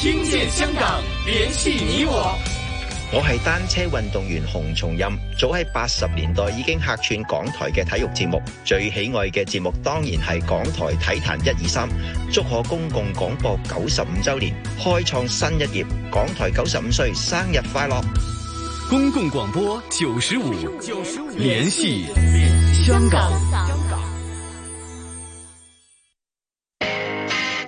聽見香港，聯繫你我。我係單車運動員洪松蔭，早喺八十年代已經客串港台嘅體育節目，最喜愛嘅節目當然係港台體壇一二三。祝賀公共廣播九十五週年，開創新一頁，港台九十五歲生日快樂！公共廣播九十五，九十五，聯繫香港。香港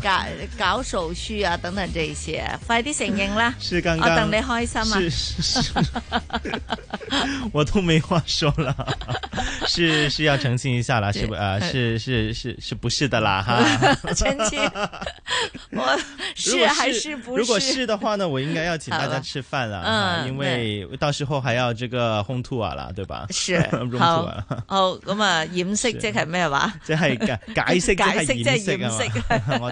搞搞手續啊，等等這些，快啲承認啦！是剛剛，我等你開心啊！我都沒話說了，是是要澄清一下啦，是不啊？是是是是不是的啦？哈！澄清，我是還是不是？如果是的話呢，我應該要請大家吃飯啦，因為到時候還要這個烘吐啊啦，對吧？是。好，好咁啊，掩飾即係咩話？即係解解釋即係掩飾啊！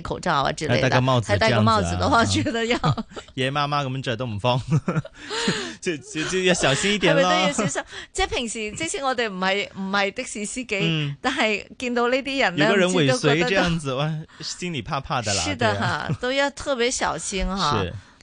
口罩啊之類的，還、啊、戴、戴個帽子的話，樣子啊、覺得要夜、啊、媽媽咁樣着都唔慌。 就就就要小心一點咯。特 即係平時即使我哋唔係唔係的士司機，嗯、但係見到呢啲人咧，有個人尾隨這樣子，哇，心裏怕怕的啦。是的哈、啊，啊、都要特別小心哈、啊。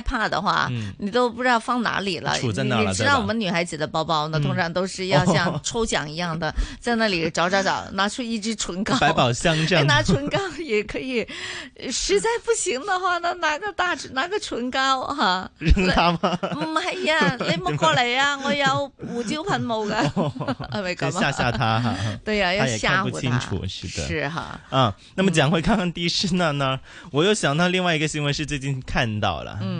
怕的話，你都不知道放哪裏了。你知道我們女孩子的包包呢，通常都是要像抽獎一樣的，在那裏找找找，拿出一支唇膏。百寶箱這樣。拿唇膏也可以，實在不行的話，那拿個大拿個唇膏哈。扔他嗎？唔係呀，你冇過嚟啊？我有胡椒噴霧嘅，係咪嚇嚇他哈。對呀，要嚇他。他也看不清楚，是的。是哈。嗯。那麼講回剛剛迪士尼那呢？我又想到另外一個新聞，是最近看到了。嗯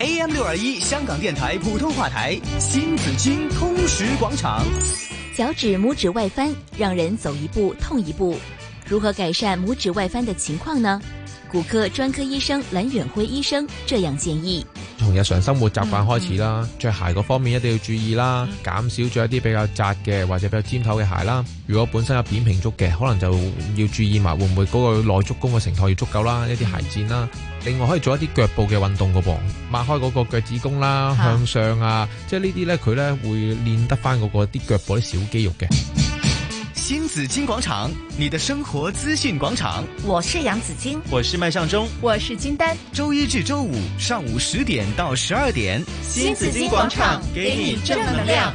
AM 六二一香港電台普通話台新紫荊通識廣場，腳趾、拇指外翻，讓人走一步痛一步。如何改善拇指外翻的情況呢？骨科專科醫生藍遠輝醫生這樣建議：從日常生活習慣開始啦，着、嗯、鞋嗰方面一定要注意啦，嗯、減少咗一啲比較窄嘅或者比較尖頭嘅鞋啦。如果本身有扁平足嘅，可能就要注意埋會唔會嗰個內足弓嘅承托要足夠啦，一啲鞋墊啦。另外可以做一啲腳部嘅運動噶、哦、噃，擘開嗰個腳趾弓啦，好向上啊，即係呢啲咧，佢咧會練得翻嗰個啲腳部啲小肌肉嘅。新紫金廣場，你的生活資訊廣場，我是楊紫晶，我是麥尚中，我是金丹，周一至周五上午十點到十二點，新紫金廣場，給你正能量。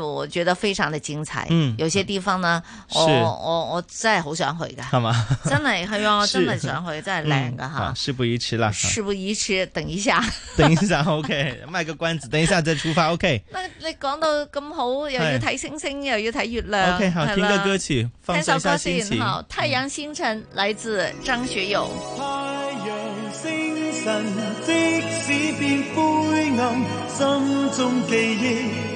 我覺得非常的精彩，有些地方呢，我我我真係好想去嘅，係嘛？真係係啊，我真係想去，真係靚噶吓，事不宜遲啦，事不宜遲，等一下，等一下，OK，賣個關子，等一下再出發，OK。那你講到咁好，又要睇星星，又要睇月亮，OK，好，聽個歌曲，放鬆下心情，聽首歌曲，好，太陽星辰，來自張學友。太陽星辰，即使變灰暗，心中記憶。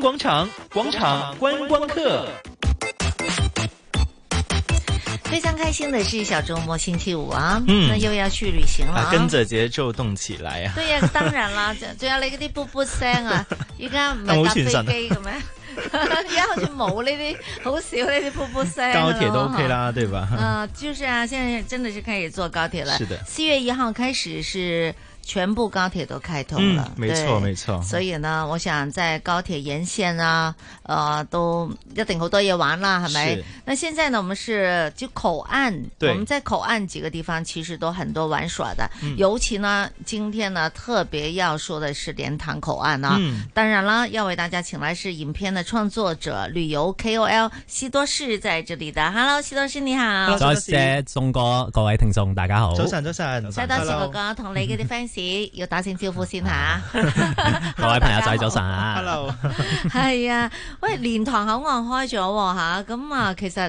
廣場廣場觀光客，非常開心的是小周末星期五啊，嗯、那又要去旅行了、啊啊，跟着節奏動起來啊，對呀、啊，當然啦，仲有你嗰啲步步聲啊，依家唔搭飛機咁樣，依家好似冇呢啲，好少呢啲步步聲、啊。高鐵都 OK 啦，對吧？嗯，就是啊，現在真的是開始坐高鐵了。是的，四月一號開始是。全部高鐵都開通了。沒錯、嗯，沒錯。沒所以呢，我想在高鐵沿線啊，呃，都一定好多嘢玩啦，係咪是？那現在呢，我們是就口岸，對我們在口岸幾個地方其實都很多玩耍的，嗯、尤其呢，今天呢特別要說的是蓮塘口岸啊。嗯、當然啦，要為大家請來是影片的創作者、旅遊 KOL 西多士在這裡的，Hello，西多士你好。多謝宋哥，各位聽眾，大家好早。早上，早上，西多士同你嗰啲 f 要打聲招呼先吓，哇 各位朋友仔 Hello, 早晨上啊！Hello，係 啊，喂，蓮塘口岸開咗吓，咁啊，其實。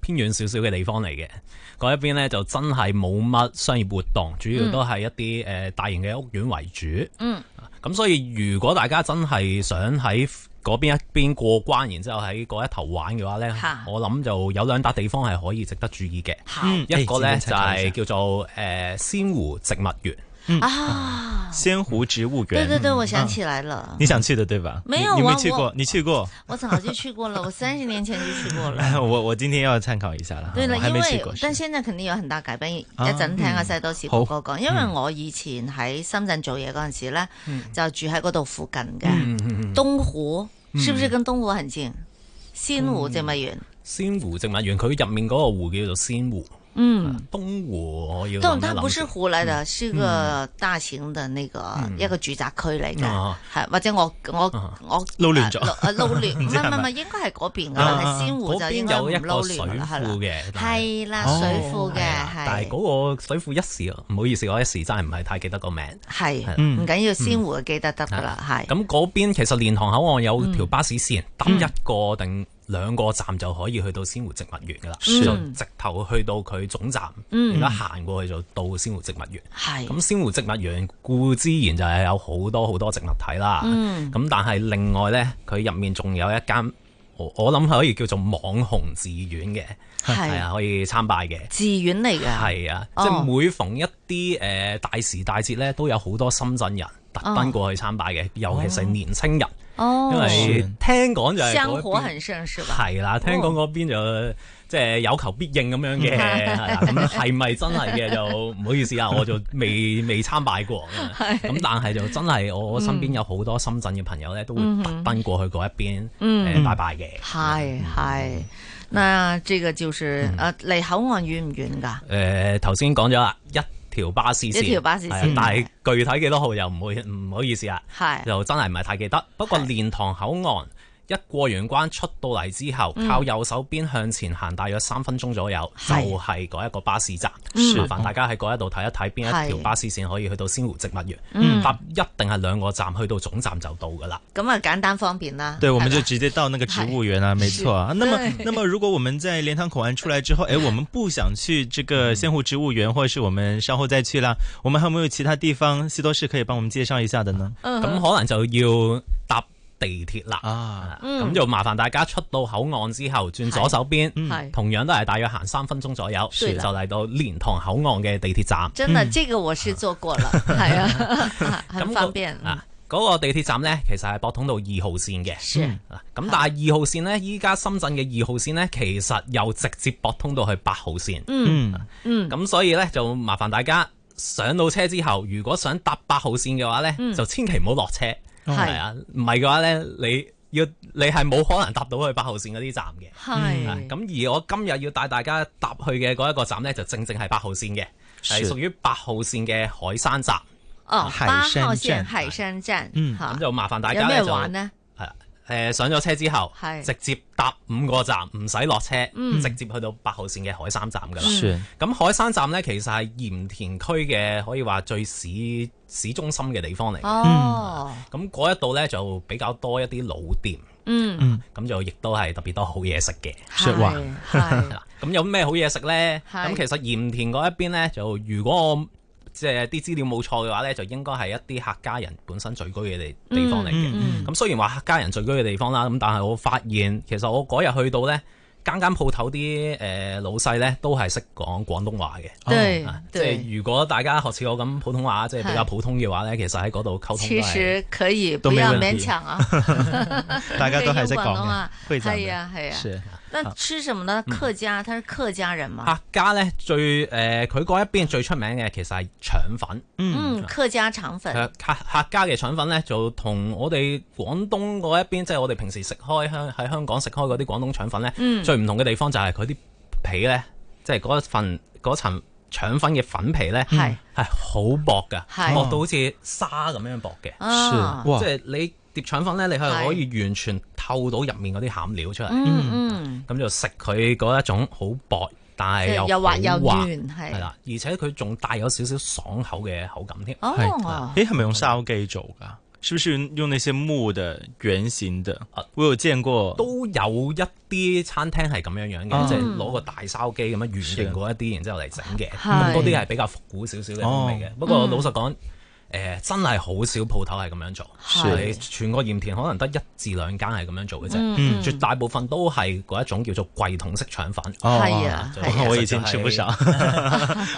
偏遠少少嘅地方嚟嘅，嗰一邊呢，就真係冇乜商業活動，主要都係一啲誒大型嘅屋苑為主。嗯，咁所以如果大家真係想喺嗰邊一邊過關，然之後喺嗰一頭玩嘅話呢，哈我諗就有兩笪地方係可以值得注意嘅。嗯、一個呢，就係叫做誒仙、呃、湖植物園。啊！仙湖植物園，對對對，我想起來了，你想去的對吧？沒有去過，你去過？我早就去過了，我三十年前就去過了。我我今天要參考一下啦。對啦，因為但係現在肯定有很大改變，一陣聽阿西多士哥哥講。因為我以前喺深圳做嘢嗰陣時呢，就住喺嗰度附近嘅東湖，是不是跟東湖很近？仙湖植物園，仙湖植物園，佢入面嗰個湖叫做仙湖。嗯，東湖，東，它唔係湖嚟的，是個大型的那個一個住宅區嚟嘅，係或者我我我，撈亂咗，撈亂，唔係唔係唔係，應該係嗰邊嘅，係仙湖就應該撈亂嘅，係啦，水庫嘅，係嗰個水庫一時，唔好意思，我一時真係唔係太記得個名，係，唔緊要，仙湖記得得噶啦，係，咁嗰邊其實蓮塘口岸有條巴士線，搭一個定。兩個站就可以去到仙湖植物園㗎喇，嗯、就直頭去到佢總站，而家、嗯、行過去就到仙湖植物園。咁是，仙湖植物園固之然就係有好多好多植物體啦。咁、嗯、但係另外呢，佢入面仲有一間，我我諗可以叫做網紅寺院嘅，係是啊，可以參拜嘅寺院嚟嘅。係啊，哦、即係每逢一啲誒大時大節呢，都有好多深圳人特登過去參拜嘅，哦、尤其是年青人。哦因為聽講就係香火很盛，是吧？係啦，聽講嗰邊就即係有求必應咁樣嘅，咁係咪真係嘅？就唔好意思啊，我就未未參拜過。咁但係就真係，我身邊有好多深圳嘅朋友咧，都會特登過去嗰一邊誒拜拜嘅。係係，嗱呢個就是誒離口岸遠唔遠噶？誒，頭先講咗啦，一。條巴士線，係，是嗯、但係具體幾多號又唔會，唔好意思啊，是就真係唔係太記得。不過蓮塘口岸。一過完關出到嚟,之後，靠右手邊向前行，大約三分鐘左右，嗯、就係嗰一個巴士站。麻煩大家喺嗰一度睇一睇邊一條巴士線可以去到仙湖植物園，嗯嗯、搭一定係兩個站去到總站就到噶啦。咁啊，簡單方便啦。對，我們就直接到呢個植物園啦，沒錯、啊。那麼咁啊，如果我們在蓮塘口岸出來之後，誒、欸，我們不想去這個仙湖植物園，或者是我們稍後再去啦，我們還有冇其他地方？西多士可以幫我們介紹一下的呢？咁、嗯、可能就要搭。地鐵啦，咁就麻煩大家出到口岸之後，轉左手邊，同樣都係大約行三分鐘左右，就嚟到蓮塘口岸嘅地鐵站。真的，這個我是做過了，係啊，很方便啊。嗰個地鐵站呢，其實係駁通到二號線嘅，咁但係二號線呢，依家深圳嘅二號線呢，其實又直接駁通到去八號線。嗯嗯，咁所以呢，就麻煩大家上到車之後，如果想搭八號線嘅話呢，就千祈唔好落車。係啊，唔係嘅話咧，你要你係冇可能搭到去八號線嗰啲站嘅。係。咁而我今日要帶大家搭去嘅嗰一個站咧，就正正係八號線嘅，係屬於八號線嘅海山站。哦，八號線海山站。嗯。咁就麻煩大家咧，就係誒上咗車之後係直接搭五個站唔使落車，嗯直接去到八號線嘅海山站噶啦。咁海山站咧，其實係鹽田區嘅，可以話最市市中心嘅地方嚟，咁嗰一度呢就比較多一啲老店，咁、嗯啊、就亦都係特別多好嘢食嘅。説話是，咁 有咩好嘢食呢？咁是其實鹽田嗰一邊呢，就如果我即係啲資料冇錯嘅話呢，就應該係一啲客家人本身聚居嘅地地方嚟嘅。咁、嗯嗯、雖然話客家人聚居嘅地方啦，咁但係我發現其實我嗰日去到呢。間間鋪頭啲誒老細咧都係識講廣東話嘅。即係如果大家學似我咁普通話對即係比較普通嘅話咧，對其實喺嗰度溝通都其實可以不要勉強啊， 大家都係識講嘅，係啊係啊。那吃什麼呢？客家，他是客家人嘛？客家呢，最、誒，佢、呃、嗰一邊最出名嘅其實係腸粉。嗯，客家腸粉。客家嘅腸粉呢，就同我哋廣東嗰一邊，即係我哋平時食開香喺香港食開嗰啲廣東腸粉呢，最唔同嘅地方就係佢啲皮呢，即係嗰一份嗰層腸粉嘅粉皮呢，係係、嗯、是好薄㗎，薄到好似沙咁樣薄嘅。哦、是，即係你。碟腸粉咧，你係可以完全透到入面嗰啲餡料出嚟，咁就食佢嗰一種好薄，但係又滑又軟，係啦，而且佢仲帶有少少爽口嘅口感添。哦，咦，係咪用燒雞做㗎？係唔係用那些木嘅、軟線嘅？我有見過，都有一啲餐廳係咁樣樣嘅，即係攞個大燒雞咁樣圓形嗰一啲，然之後嚟整嘅，多啲係比較復古少少嘅味嘅。不過老實講，誒真係好少鋪頭係咁樣做，係全個鹽田可能得一至兩間係咁樣做嘅啫，絕大部分都係嗰一種叫做櫃桶式腸粉。係啊，我以前吃不少，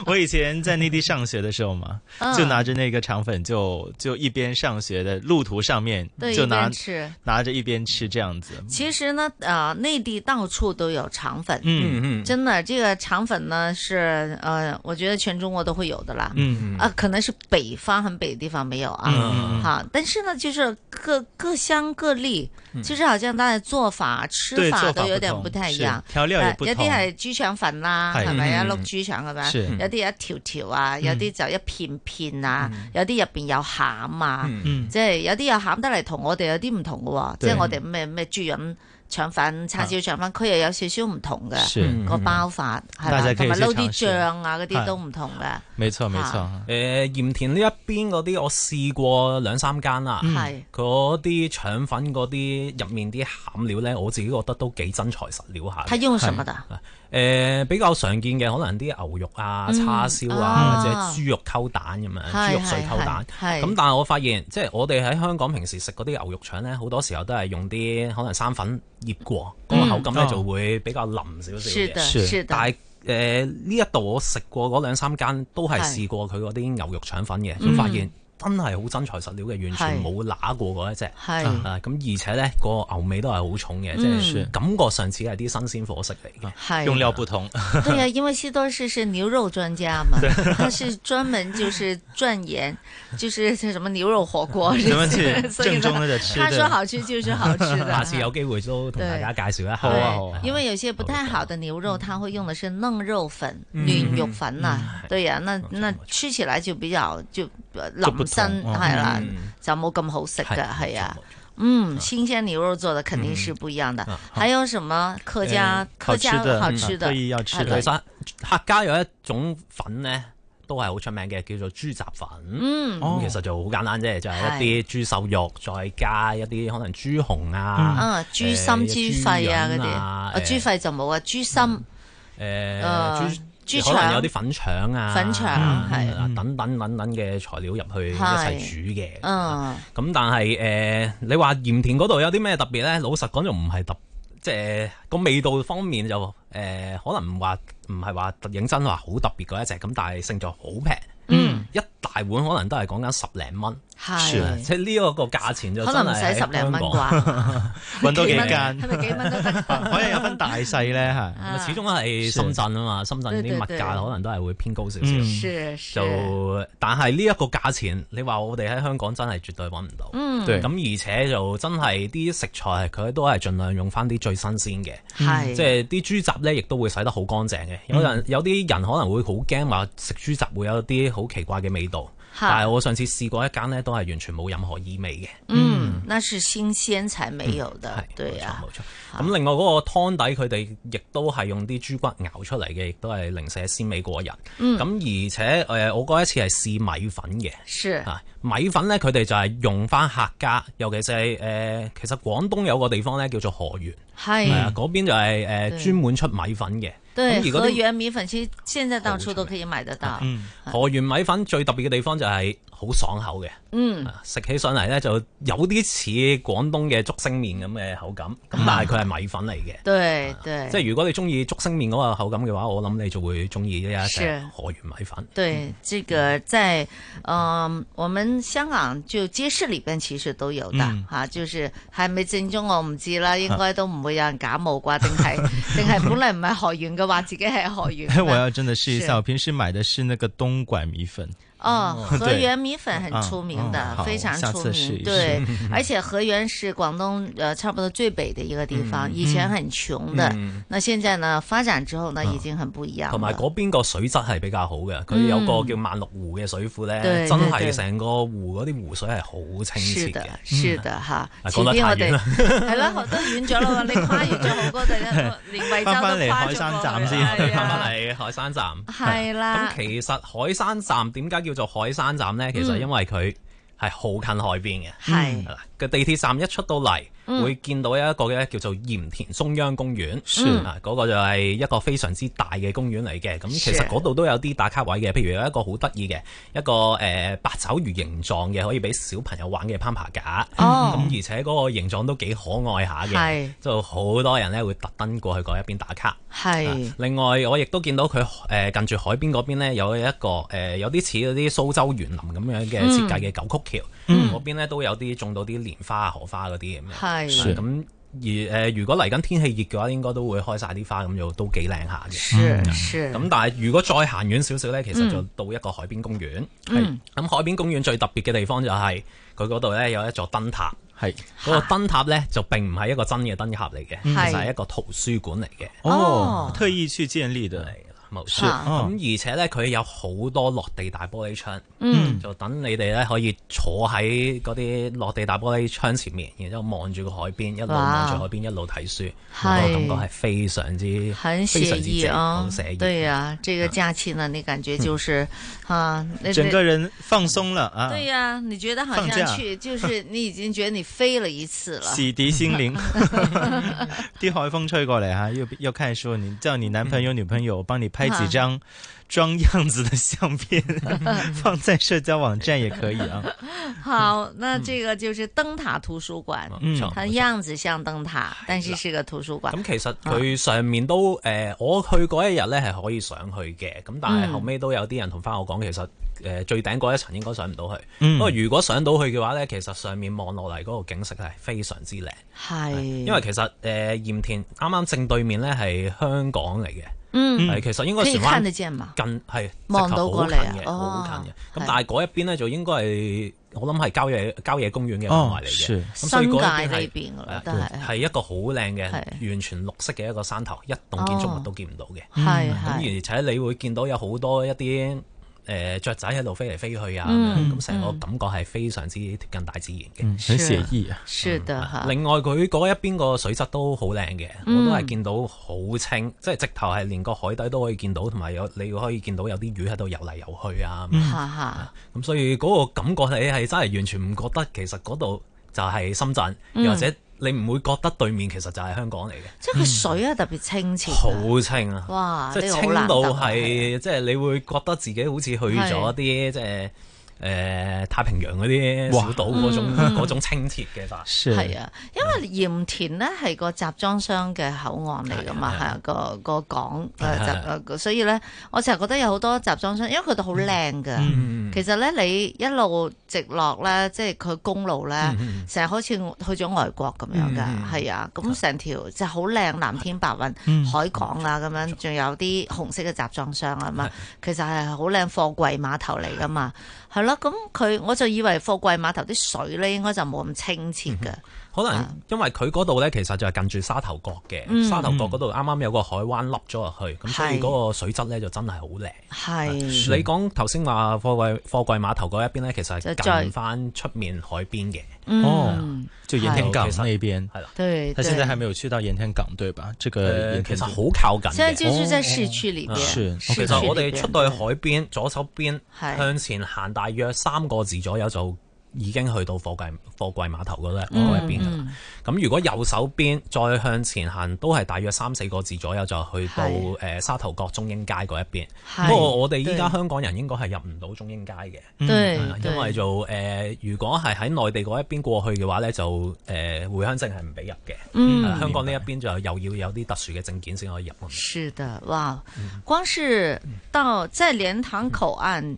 我以前在內地上學的時候嘛，就拿着那個腸粉就就一邊上學的路途上面就拿吃，拿着一邊吃這樣子。其實呢，啊內地到處都有腸粉，嗯嗯，真的，這個腸粉呢是，呃，我覺得全中國都會有的啦，嗯嗯，啊可能是北方很。地方沒有啊，好，但是呢，就是各各鄉各例，其實好像大家做法、吃法都有點不太一樣。有料有不一啲係豬腸粉啦，係咪一碌豬腸咁樣？有啲一條條啊，有啲就一片片啊，有啲入邊有餡啊，即係有啲有餡得嚟同我哋有啲唔同嘅喎，即係我哋咩咩豬潤。腸粉、叉燒腸粉，佢又有少少唔同嘅，個包法係同埋撈啲醬啊嗰啲，是都唔同嘅。冇錯冇錯，誒是錯、呃、鹽田呢一邊嗰啲我試過兩三間啦，嗰啲是腸粉嗰啲入面啲餡料咧，我自己覺得都幾真材實料下，用乜、嗯。是誒、呃、比較常見嘅可能啲牛肉啊叉燒啊、嗯、啊或者豬肉溝蛋咁樣，是豬肉碎溝蛋。咁但係我發現，即係我哋喺香港平時食嗰啲牛肉腸呢，好多時候都係用啲可能生粉醃過，嗰個、嗯、口感呢就會比較腍、嗯、少少嘅。但係呢一度我食過嗰兩三間都係試過佢嗰啲牛肉腸粉嘅，咁是、嗯、發現。真係好真材實料嘅，完全冇乸過嗰一隻，咁而且呢，個牛味都係好重嘅，即係感覺上似係啲新鮮伙食嚟嘅。用料不同，對啊，因為西多士是牛肉專家嘛，他是專門就是鑽研，就是叫什麼牛肉火鍋，正宗咧就。他說好吃就是好吃，下次有機會都同大家介紹一下。好啊，因為有些不太好的牛肉，他會用的是嫩肉粉、嫩肉粉啊。對呀，那那吃起來就比較就。林生係啦，就冇咁好食㗎係啊，嗯，新鮮牛肉做的肯定是不一樣的。還有什麼客家客家的，可以有出客家有一種粉呢，都係好出名嘅，叫做豬雜粉。其實就好簡單啫，就係一啲豬瘦肉，再加一啲可能豬紅啊，啊豬心、豬肺啊嗰啲。啊豬肺就冇啊，豬心。誒，豬。可能有啲粉腸啊，粉腸係、嗯、等等等等嘅材料入去一齊煮嘅。咁、嗯、但係、呃、你話鹽田嗰度有啲咩特別咧？老實講就唔係特，即係個、呃、味道方面就、呃、可能唔話唔係話特認真話好特別嗰一隻。咁但係勝在好平。嗯，一大碗可能都係講緊十零蚊，即係呢一個價錢就真係使十零蚊啩，搵多幾間，係咪幾蚊？可以有分大細咧，始終係深圳啊嘛，深圳啲物價可能都係會偏高少少。就但係呢一個價錢，你話我哋喺香港真係絕對搵唔到。咁而且就真係啲食材，佢都係盡量用翻啲最新鮮嘅，即係啲豬雜咧，亦都會洗得好乾淨嘅。有人有啲人可能會好驚話食豬雜會有啲。好奇怪嘅味道，但係我上次試過一間呢，都係完全冇任何異味嘅。嗯，那是新鮮才沒有的，嗯、對啊。冇錯，冇錯。咁另外嗰個湯底，佢哋亦都係用啲豬骨熬出嚟嘅，亦都係零舍鮮美過人。咁、嗯、而且誒，我嗰一次係試米粉嘅，係是米粉呢，佢哋就係用返客家，尤其是係誒、呃，其實廣東有個地方呢，叫做河源，係啊是，嗰、呃、邊就係誒專門出米粉嘅。對，河源米粉，其實現在到處都可以買得到。河源、嗯、米粉最特別嘅地方就係、是。好爽口嘅，嗯，食、啊、起上嚟呢就有啲似廣東嘅竹升麵咁嘅口感，咁、啊、但係佢係米粉嚟嘅。對對、啊，即係如果你中意竹升麵嗰個口感嘅話，我諗你就會中意一。一盒河源米粉。對，嗯、這個在、呃、我們香港就街市裏邊其實都有的吓、嗯啊，就是係咪正宗我唔知啦，應該都唔會有人假冒啩，定係定係本來唔係河源嘅話自己係河源。我要真的試一下，是我平時買的是那個東莞米粉。哦，河源米粉很出名的，非常出名。對，而且河源是廣東，呃，差不多最北的一個地方。以前很窮的，那現在呢，發展之後呢，已經很不一樣。同埋邊個水質係比較好嘅，佢有個叫萬綠湖嘅水庫咧，真係成個湖啲湖水係好清澈嘅，是的，是的，吓。前邊我哋係啦，都遠咗咯。你跨越咗好多地啦，連惠州都跨越咗。翻翻嚟，海山站先，翻翻嚟海山站。係啦。咁其實海山站點解叫？叫做海山站咧，其實因為佢係好近海邊嘅，係。地鐵站一出到嚟，嗯、會見到一個咧叫做鹽田中央公園，嗰、嗯、個就係一個非常之大嘅公園嚟嘅。咁其實嗰度都有啲打卡位嘅，譬如有一個好得意嘅一個誒、呃、八爪魚形狀嘅可以俾小朋友玩嘅攀爬架，咁、哦、而且嗰個形狀都幾可愛下嘅，是就好多人咧會特登過去嗰一邊打卡是、啊。另外我亦都見到佢誒、呃、近住海邊嗰邊呢有一個誒、呃、有啲似嗰啲蘇州園林咁樣嘅設計嘅九曲橋，嗰、嗯嗯、邊都有啲種到啲蓮。蓮花啊，荷花嗰啲咁樣，咁是、嗯、而誒、呃，如果嚟緊天氣熱嘅話，應該都會開晒啲花，咁就都幾靚下嘅。咁但係如果再行遠少少呢，其實就到一個海邊公園。咁、嗯嗯嗯、海邊公園最特別嘅地方就係佢嗰度呢有一座燈塔。係是，嗰個燈塔呢，就並唔係一個真嘅燈塔嚟嘅，是其實係一個圖書館嚟嘅。哦，特意去建立嘅。咁而且呢，佢有好多落地大玻璃窗，就等你哋呢可以坐喺嗰啲落地大玻璃窗前面，然之後望住個海邊，一路望住海邊一路睇書，個感覺係非常之，非常之寫意。對啊，這個假期呢，你感覺就是啊，整個人放鬆了啊。對呀，你覺得好像去就是你已經覺得你飛了一次了，洗滌心靈。啲海風吹過嚟，啊，又又看書，你叫你男朋友女朋友幫你拍。拍幾張裝樣子的相片，放在社交網站也可以啊。 好，那這個就是燈塔圖書館，嗯嗯哦、它樣子像燈塔，是的，但是是個圖書館。咁其實佢上面都誒，啊、我去嗰一日呢係可以上去嘅，咁但係後尾都有啲人同翻我講，嗯、其實誒最頂嗰一層應該上唔到去。不過、嗯、如果上到去嘅話呢，其實上面望落嚟嗰個景色係非常之靚，係的，因為其實誒呃、鹽田啱啱正對面呢係香港嚟嘅。嗯，係，其實應該船灣近係望到過嚟嘅，好近嘅。咁但係嗰一邊咧就應該係我諗係郊野郊野公園嘅範圍嚟嘅，咁所以嗰一邊係一個好靚嘅，完全綠色嘅一個山頭，一棟建築物都見唔到嘅。係，咁而且你會見到有好多一啲。誒、雀、呃、仔喺度飛嚟飛去啊，咁成、嗯、個感覺係非常之貼近大自然嘅，好寫意啊。是的，嗯、另外佢嗰一邊個水質都好靚嘅，我都係見到好清，嗯、即係直頭係連個海底都可以見到，同埋有你可以見到有啲魚喺度游嚟游去啊。咁所以嗰個感覺你係真係完全唔覺得，其實嗰度就係深圳，或者、嗯。你唔會覺得對面其實就係香港嚟嘅，即係佢水啊特別清澈，啊，好、嗯、清啊！哇！即係清到係，啊、即係你會覺得自己好似去咗啲的即係。誒太平洋嗰啲小島嗰種清鐵嘅吧，係啊，因為鹽田咧係個集裝箱嘅口岸嚟噶嘛，係個個港，所以咧我成日覺得有好多集裝箱，因為佢都好靚噶。其實咧你一路直落咧，即係佢公路咧，成日好似去咗外國咁樣噶，係啊。咁成條就係好靚藍天白雲海港啊，咁樣仲有啲紅色嘅集裝箱啊嘛，其實係好靚貨櫃碼頭嚟噶嘛。係啦，咁佢我就以為貨櫃碼頭啲水咧，應該就冇咁清澈嘅。嗯可能因為佢嗰度咧，其實就係近住沙頭角嘅，嗯、沙頭角嗰度啱啱有個海灣凹咗入去，咁、嗯、所以嗰個水質咧就真係好靚。係你講頭先話貨櫃貨櫃碼頭嗰一邊咧，其實係近翻出面海邊嘅。哦，就鹽田港呢邊係咯。對，他現在還沒有去到鹽田港對吧？這個其實好靠近，現在就是在市區裏邊。是，其實我哋出到去海邊，左手邊向前行大約三個字左右就。已經去到貨櫃貨櫃碼頭嗰一嗰一邊，咁、嗯嗯、如果右手邊再向前行，都係大約三四個字左右就去到、哎呃、沙頭角中英街嗰一邊。哎、不過我哋依家香港人應該係入唔到中英街嘅對、啊，因為就、呃、如果係喺內地嗰一邊過去嘅話呢就、呃、回鄉證係唔俾入嘅。香港呢一邊就又要有啲特殊嘅證件先可以入。是的，哇！嗯、光是到在蓮塘口岸。嗯嗯嗯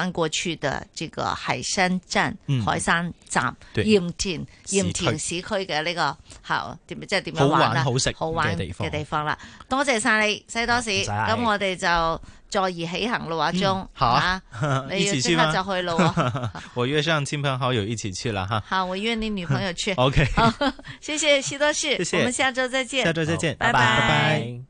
返過去的這個海山站、海山站、鹽田、鹽田市區嘅呢個，係點樣即係點樣玩啦？好玩好食好玩嘅地方啦！多謝晒你西 DorSi，咁我哋就再而起行路話中吓，你要即刻就去咯。我約上親朋好友一起去了哈。好，我約你女朋友去。OK，謝謝西 DorSi，我們下周再見，下周再見，拜拜拜。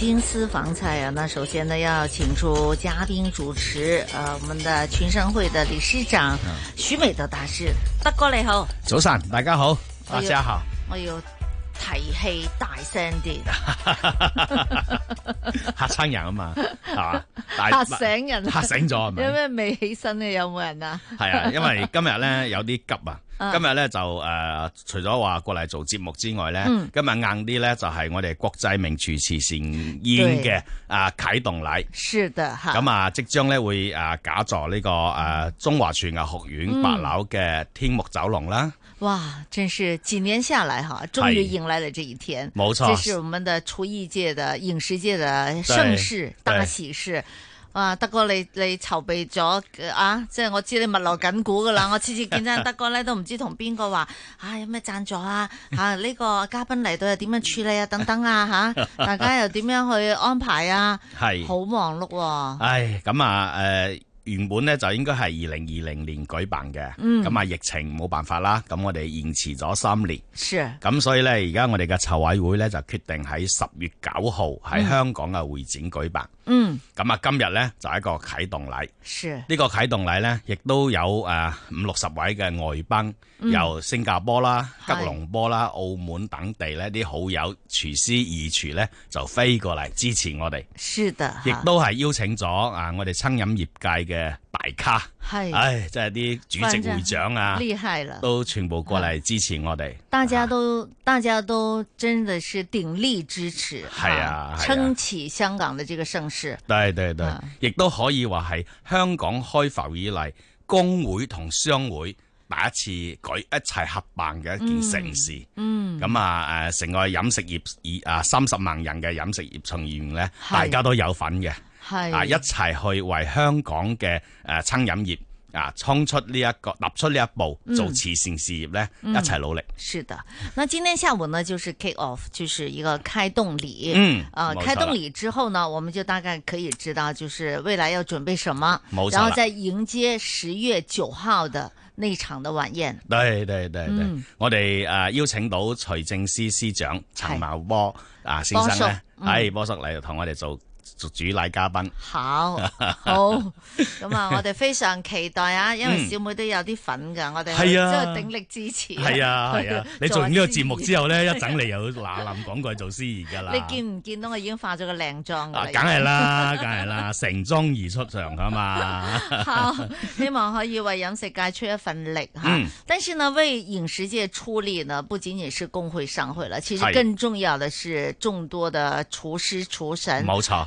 金絲房菜啊，那首先呢要請出嘉賓主持，呃，我們的群生會的理事長、嗯、徐美德大師，德哥你好，早晨大家好，大家好，我要提氣大聲啲，嚇醒人啊嘛，係嘛？嚇醒人，嚇醒咗係咪？有咩未起身嘅有冇人啊？係 啊，因為今日咧有啲急啊。啊、今日咧就誒、呃，除咗話過嚟做節目之外咧，嗯、今日硬啲咧就係我哋國際名廚慈善宴嘅對啊啟動禮。是的，嚇。咁啊，即將咧會啊，假座呢、這個誒、啊、中華廚藝學,學院八樓嘅天幕走廊啦、嗯。哇！真是幾年下來嚇、啊，終於迎來了這一天。冇錯。這是我們的廚藝界的、影視界的盛事對大喜事。啊，德哥你，你你籌備咗啊？即係我知你物流緊股噶啦，我次次見真德哥咧，都唔知同邊個話，啊有咩贊助啊？吓、啊、呢、這個嘉賓嚟到又點樣處理啊？等等啊吓，大家又點樣去安排啊？係好是忙碌，啊。唉，咁啊，誒、呃，原本呢就應該係二零二零年舉辦嘅，咁啊、嗯，疫情冇辦法啦，咁我哋延遲咗三年。咁、啊、所以呢，而家我哋嘅籌委會呢，就決定喺十月九號喺香港嘅會展舉辦。嗯嗯，咁啊，今日咧就係一個啟動禮，呢個啟動禮咧，亦都有誒五六十位嘅外賓，由新加坡啦、吉隆坡啦、澳門等地咧啲好友、廚師、二廚咧就飛過嚟支持我哋。是的，亦都係邀請咗啊，我哋餐飲業界嘅大咖，係，唉，真係啲主席會長啊，厲害啦，都全部過嚟支持我哋。大家都，大家都，真的是鼎力支持，係啊，撐起香港的這個盛世。對對對，亦都、嗯、可以話係香港開埠以嚟，工會同商會第一次舉一齊合辦嘅一件盛事，嗯。嗯，咁啊誒，成個飲食業以啊三十萬人嘅飲食業從業員咧，大家都有份嘅，係是一齊去為香港嘅誒餐飲業。啊！衝出呢一個踏出呢一步做慈善事業呢，嗯、一齊努力。是的，那今天下午呢，就是 kick off，就是一個開動禮。嗯，啊，開動禮之後呢，我們就大概可以知道，就是未來要準備什麼，然後再迎接十月九號的那場的晚宴。對對對對，對對對嗯、我哋誒、呃、邀請到財政司司長陳茂波啊是、呃、先生呢係波叔嚟同、嗯哎、我哋做。做主禮嘉賓，好好咁啊！那我哋非常期待啊，因為小妹都有啲粉噶，嗯、我哋係啊，即係鼎力支持。係啊係啊，你做完呢個節目之後呢，一陣你又拿林講句，「做司儀噶啦。你見唔見到我已經化咗個靚妝？梗係啦，梗係啦，盛裝而出場噶嘛。嗯、好，希望可以為飲食界出一份力吓。嗯、但是呢，為飲食界出力呢，不僅僅是工會商會啦，其實更重要嘅是眾多的廚師廚神。冇錯。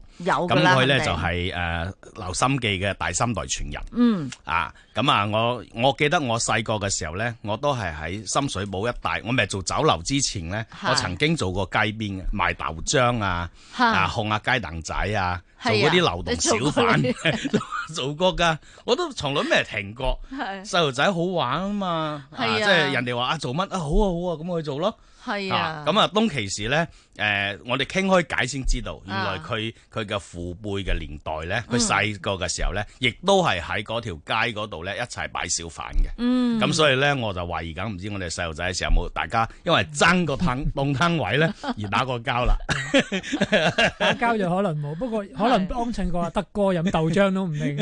有咁佢咧就係誒劉心記嘅第三代傳人。嗯啊，咁啊我我記得我細個嘅時候咧，我都係喺深水埗一帶。我未做酒樓之前咧，是我曾經做過街邊賣豆漿啊，是啊烘下雞蛋仔啊，啊做嗰啲流動小販。 做過㗎，我都從來未停過。細路仔好玩啊嘛，即係人哋話啊做乜啊好啊好啊咁我去做咯。係啊，咁啊當其時咧，誒我哋傾開解先知道，原來佢佢嘅父輩嘅年代咧，佢細個嘅時候咧，亦都係喺嗰條街嗰度咧一齊擺小販嘅。嗯，咁所以咧我就懷疑緊，唔知我哋細路仔嘅時候有冇大家因為爭個攤檔攤位咧而打過交啦。打交就可能冇，不過可能幫襯過阿德哥飲豆漿都唔定。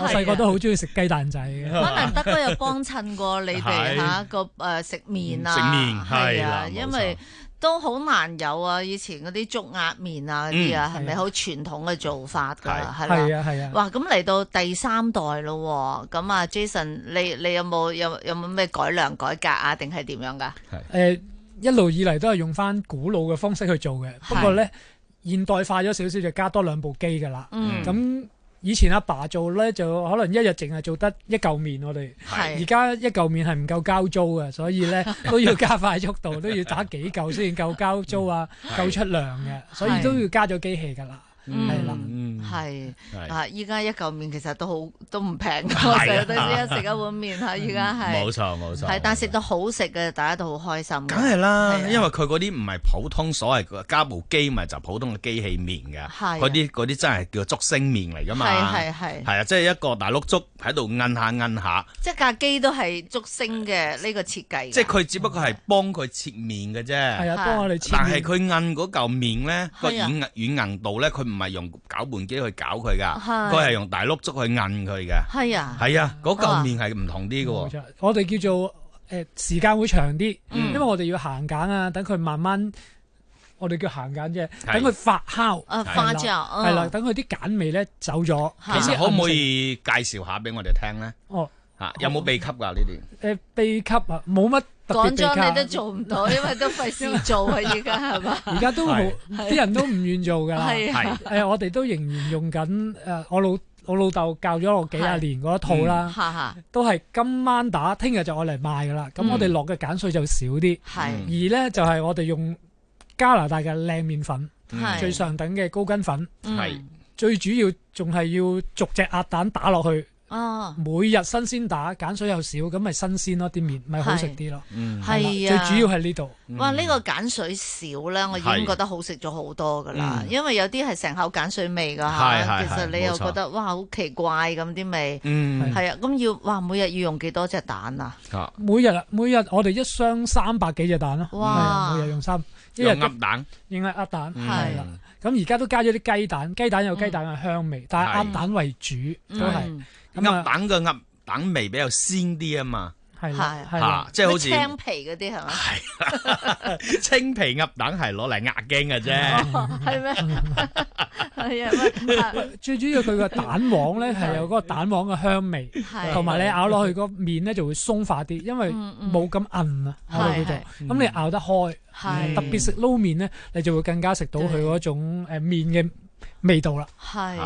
我細個都好中意食雞蛋仔。可能德哥有幫襯過你哋吓個誒食麵啊，食麵，係啊，因為都好難有啊，以前嗰啲竹昇麵啊嗰啲啊，係咪好傳統嘅做法噶？係啦，係啊，係啊。哇，咁嚟到第三代咯，咁啊，Jason，你你有冇有有冇咩改良改革啊？定係點樣噶？誒，一路以嚟都係用翻古老嘅方式去做嘅，不過咧現代化咗少少就加多兩部機噶啦。咁。以前阿爸，爸做呢，就可能一日淨係做得一嚿麵，我哋而家一嚿麵係唔夠交租嘅，所以呢都要加快速度， 都要打幾嚿先夠交租啊，嗯、夠出糧嘅，所以都要加咗機器噶啦。是嗯，係，啊，依家一嚿麵其實都好，都唔平嘅，我哋啲人食一碗麵吓，依家係冇錯冇錯，係但食到好食嘅，大家都好開心。梗係啦，因為佢嗰啲唔係普通所謂嘅加部機，咪就普通嘅機器麵嘅，嗰啲啲真係叫竹升麵嚟噶嘛，係係係，係啊，即係一個大碌竹喺度摁下摁下，即係架機都係竹升嘅呢個設計，即係佢只不過係幫佢切麵嘅啫，係啊，幫我哋切麵，但係佢摁嗰嚿麵咧個硬軟硬度咧佢。唔係用攪拌機去攪佢噶，佢係用大碌竹去按佢嘅。係啊，係啊，嗰嚿麵係唔同啲嘅。我哋叫做誒，時間會長啲，因為我哋要行鹼啊，等佢慢慢，我哋叫行鹼啫，等佢發酵。誒，發酵係啦，等佢啲鹼味咧走咗。其實可唔可以介紹下俾我哋聽咧？哦，吓有冇秘笈啊？呢啲？誒，秘笈啊，冇乜。講咗你都做唔到，因為都費事做啊！而家係嘛？而家都冇啲是人都唔願意做㗎。係啊，啊啊我哋都仍然用緊誒、呃，我老我老豆教咗我幾十年嗰一套啦。嚇、啊嗯、都係今晚打，聽日就我嚟賣㗎啦。咁我哋落嘅鹼水就少啲。係、嗯，啊、而咧就係、是、我哋用加拿大嘅靚麵粉，啊、最上等嘅高筋粉。係、啊，最主要仲係要逐隻鴨蛋打落去。每日新鮮打，鹼水又少，咁咪新鮮咯，啲麵咪好食啲咯。嗯，係啊，最主要係呢度。哇，呢個鹼水少咧，我已經覺得好食咗好多噶啦。因為有啲係成口鹼水味噶，其實你又覺得哇好奇怪咁啲味。嗯，係啊。咁要哇每日要用幾多隻蛋啊？每日每日我哋一箱三百幾隻蛋咯。哇，每日用三，一日鴨蛋應該鴨蛋係，咁而家都加咗啲雞蛋，雞蛋有雞蛋嘅香味，但係鴨蛋為主都係，鴨蛋個鴨蛋味比較鮮啲啊嘛，係係吓，即係好似青皮嗰啲係嘛，係青皮鴨蛋係攞嚟壓驚嘅啫，係咩？係啊，最主要佢個蛋黃咧，係有嗰個蛋黃嘅香味，同埋你咬落去個麵咧就會鬆化啲，因為冇咁韌，啊喺度嗰度，咁你咬得開，係特別食撈麵咧，你就會更加食到佢嗰種誒麵嘅味道啦，係。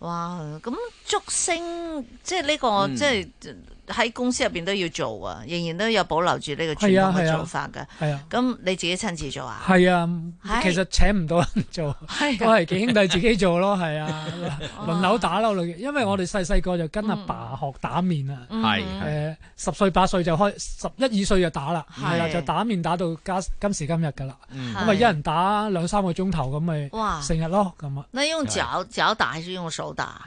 哇！咁竹升即係、這、呢個，嗯、即係。喺公司入邊都要做啊，仍然都有保留住呢個傳統嘅做法噶。係啊，咁你自己親自做啊？係啊，其實請唔到人做，我係幾兄弟自己做咯，係啊，輪流打咯。因為我哋細細個就跟阿爸學打麵啊，誒，十歲八歲就開，十一二歲就打啦，係啦，就打麵打到今今時今日噶啦。咁啊，一人打兩三個鐘頭咁咪，哇，成日咯咁啊。你用腳腳打還係用手打？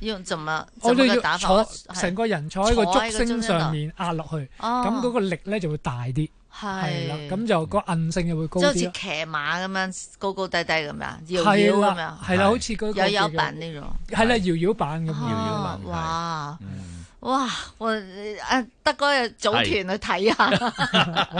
用怎麼？我哋要坐，成個人坐竹升上面壓落去，咁嗰個力咧就會大啲，係啦，咁就個韌性就會高啲。即好似騎馬咁樣，高高低低咁樣，搖搖咁樣，係啦，好似嗰個搖搖板呢種，係啦，搖搖板咁，搖搖板。哇！哇！我阿德哥組團去睇下。好，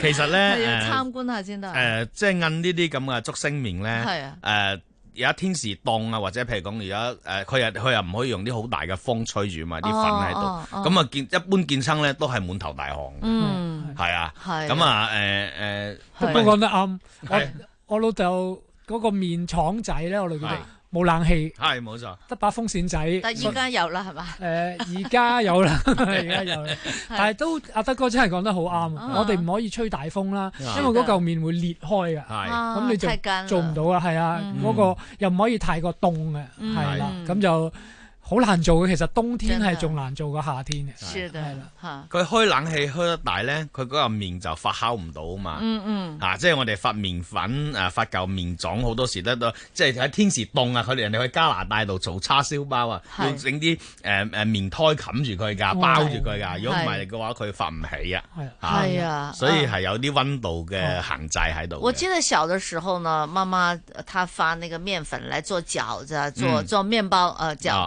其實咧，參觀下先得。誒，即係韌呢啲咁嘅竹昇麵咧。係啊。誒。而家天時凍啊，或者譬如講而家誒，佢又佢又唔可以用啲好大嘅風吹住嘛，啲粉喺度。咁啊，健一般健身咧都係滿頭大汗嘅，係啊。咁啊誒誒，不過講得啱，我我老豆嗰個麵廠仔咧，我哋。冇冷氣，係冇錯，得把風扇仔。但而家有啦，係嘛？誒，而家有啦，而家有啦。但係都阿德哥真係講得好啱，我哋唔可以吹大風啦，因為嗰嚿麵會裂開嘅。係，咁你就做唔到啦。係啊，嗰個又唔可以太過凍嘅，係啦，咁就。好難做嘅，其實冬天係仲難做過夏天係啦，佢開冷氣開得大咧，佢嗰嚿麵就發酵唔到啊嘛。嗯嗯、啊。啊，即係我哋發麵粉啊，發嚿麵種好多時都都，即係喺天時凍啊，佢哋人哋去加拿大度做叉燒包啊，要整啲誒誒面胎冚住佢噶，包住佢噶。如果唔係嘅話，佢發唔起啊。係。啊。所以係有啲溫度嘅限制喺度、啊。我記得小嘅時候呢，媽媽她發呢個麵粉嚟做餃子，做、嗯、做麵包，呃，餃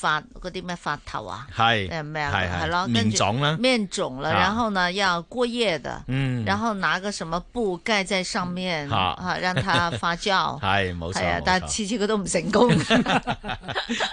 發嗰啲咩發頭啊？係咩啊？係咯，麵種啦，麵種啦，然後呢要過夜的，然後拿個什麼布蓋在上面，啊讓它發酵。係冇錯，但係次次佢都唔成功。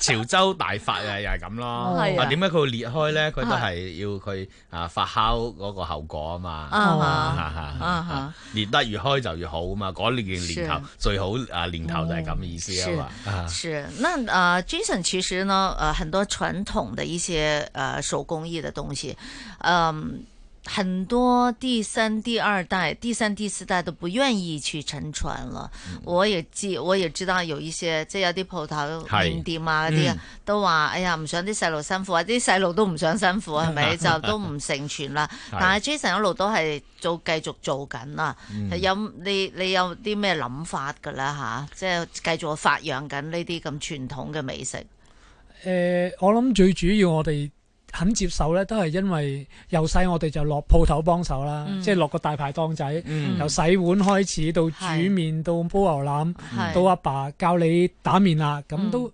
潮州大發又係咁咯，啊點解佢會裂開咧？佢都係要佢啊發酵嗰個後果啊嘛。啊啊啊啊！裂得越開就越好啊嘛，嗰裂年頭最好啊年頭就係咁嘅意思啊嘛。是，那啊 Jason 其實呢？誒、呃，很多傳統的一些誒、呃、手工藝的東西，嗯，很多第三、第二代、第三、第四代都不願意去承傳了。我也知，我也知道有一些即係有啲鋪頭店啊啲都話：哎呀，唔想啲細路辛苦，啲細路都唔想辛苦，係咪 就都唔成全啦？ 是但係 Jason 一路都係做繼續做緊啊。嗯、有你你有啲咩諗法噶啦？吓，即係繼續發揚緊呢啲咁傳統嘅美食。誒，我諗最主要我哋肯接手呢，都係因為由細我哋就落鋪頭幫手啦，即係落個大排檔仔，由洗碗開始到煮麵，到煲牛腩，到阿爸教你打麵啦，咁都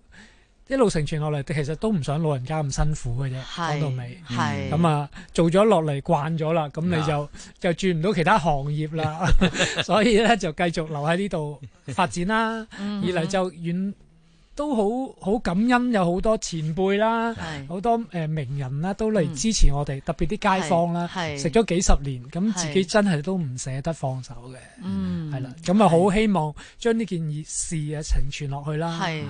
一路承傳落嚟，其實都唔想老人家咁辛苦嘅啫。講到尾，咁啊做咗落嚟慣咗啦，咁你就就轉唔到其他行業啦，所以呢，就繼續留喺呢度發展啦，二嚟就遠。都好好感恩，有好多前輩啦，好是多、呃、名人啦，都嚟支持我哋，嗯、特別啲街坊啦，食咗幾十年，咁是自己真係都唔捨得放手嘅，係、嗯、啦，咁啊好希望將呢件事啊，承傳落去啦，是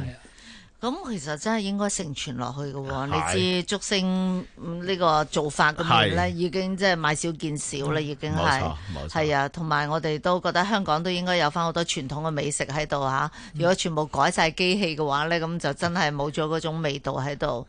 咁其實真係應該承傳落去嘅喎、啊，是你知竹升呢個做法咁樣咧，是已經即係買少見少啦，嗯、已經係，係啊，同埋我哋都覺得香港都應該有翻好多傳統嘅美食喺度嚇。嗯、如果全部改晒機器嘅話咧，咁就真係冇咗嗰種味道喺度，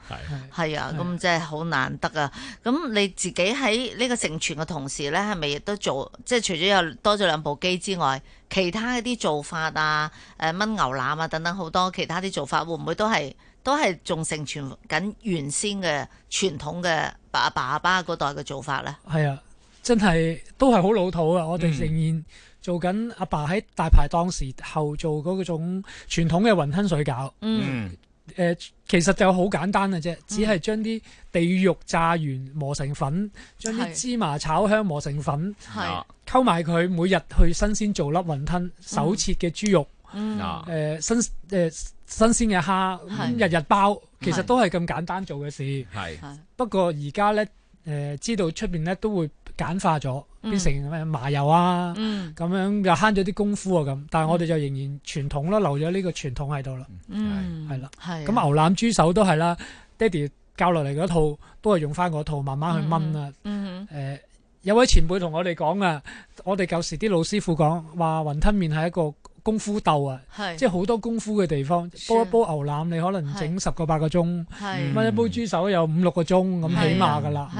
係啊，咁真係好難得啊！咁是你自己喺呢個承傳嘅同時咧，係咪亦都做即係除咗有多咗兩部機之外？其他一啲做法啊，誒燜牛腩啊等等好多其他啲做法，等等做法會唔會都係都係仲承傳緊原先嘅傳統嘅阿爸阿爸嗰代嘅做法呢？係啊，真係都係好老土啊！嗯、我哋仍然做緊阿爸喺大排檔時候做嗰個種傳統嘅雲吞水餃。嗯。呃、其實就好簡單嘅啫，只係將啲地獄炸完磨成粉，將啲芝麻炒香磨成粉，係溝埋佢，每日去新鮮做粒雲吞，手切嘅豬肉，嗯嗯呃、新、呃、新鮮嘅蝦，日、呃、日包，是其實都係咁簡單做嘅事。係，不過而家咧呃、知道出邊咧都會。簡化咗，變成咩麻油啊，咁、嗯、樣又慳咗啲功夫啊咁，嗯、但係我哋就仍然傳統咯，留咗呢個傳統喺度啦。嗯，係啦，咁牛腩豬手都係啦，爹哋教落嚟嗰套都係用翻嗰套慢慢去炆啦。誒、嗯嗯呃，有位前輩同我哋講啊，我哋舊時啲老師傅講話雲吞麵係一個功夫鬥啊，是即係好多功夫嘅地方，煲一煲牛腩你可能整十個八個鐘，咁、嗯、一煲豬手有五六個鐘咁起碼㗎啦。咁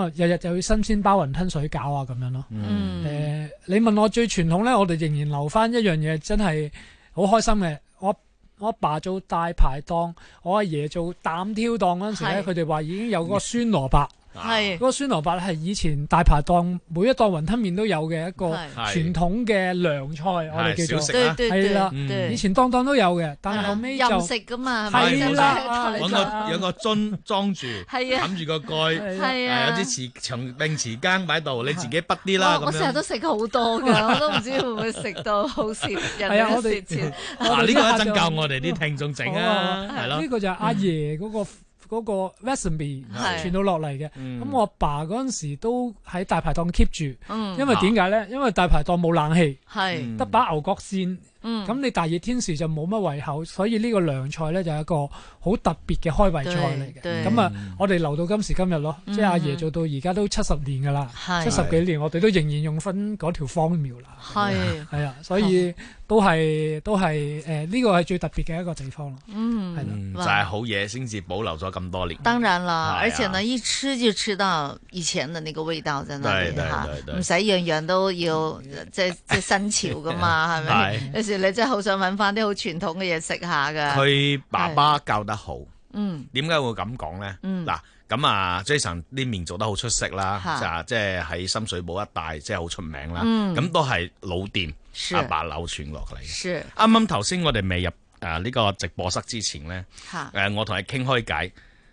啊日日、啊嗯、就，就要新鮮包雲吞水餃啊咁樣咯。誒、嗯呃，你問我最傳統呢，我哋仍然留返一樣嘢，真係好開心嘅。我我阿爸做大排檔，我阿爺做擔挑檔嗰陣時咧，佢哋話已經有個酸蘿蔔。係嗰個酸蘿蔔咧，係以前大排檔每一檔雲吞麵都有嘅一個傳統嘅涼菜，我哋叫做食係啦。以前檔檔都有嘅，但係任食噶嘛，係啦，揾個有個樽裝住，冚住個蓋，係啊，有啲瓷長柄瓷羹擺度，你自己滗啲啦。我成日都食好多噶，我都唔知會唔會食到好蝕人嘅蝕錢。嗱，呢個一陣教我哋啲聽眾整啊，係咯。呢個就係阿爺嗰個嗰個 recipe 傳到落嚟嘅，咁、嗯、我阿爸嗰陣時都喺大排檔 keep 住，嗯、因為點解呢？因為大排檔冇冷氣，得是把牛角扇。嗯，咁你大熱天時就冇乜胃口，所以呢個涼菜咧就係一個好特別嘅開胃菜嚟嘅。咁啊，我哋留到今時今日咯，即係阿爺做到而家都七十年㗎啦，七十幾年，我哋都仍然用翻嗰條方苗啦。係，係啊，所以都係都係誒，呢個係最特別嘅一個地方咯。嗯，係就係好嘢先至保留咗咁多年。當然啦，而且呢，一吃就吃到以前嘅呢個味道真係，唔使樣樣都要即係即係新潮㗎嘛，係咪？你真係好想揾翻啲好傳統嘅嘢食下噶。佢爸爸教得好，嗯，點解會咁講咧？嗱，咁啊，Jason 啲麵做得好出色啦，就即係喺深水埗一帶，即係好出名啦。咁都係老店，阿爸流傳落嚟。啱啱頭先我哋未入誒呢個直播室之前咧，誒，我同你傾開偈，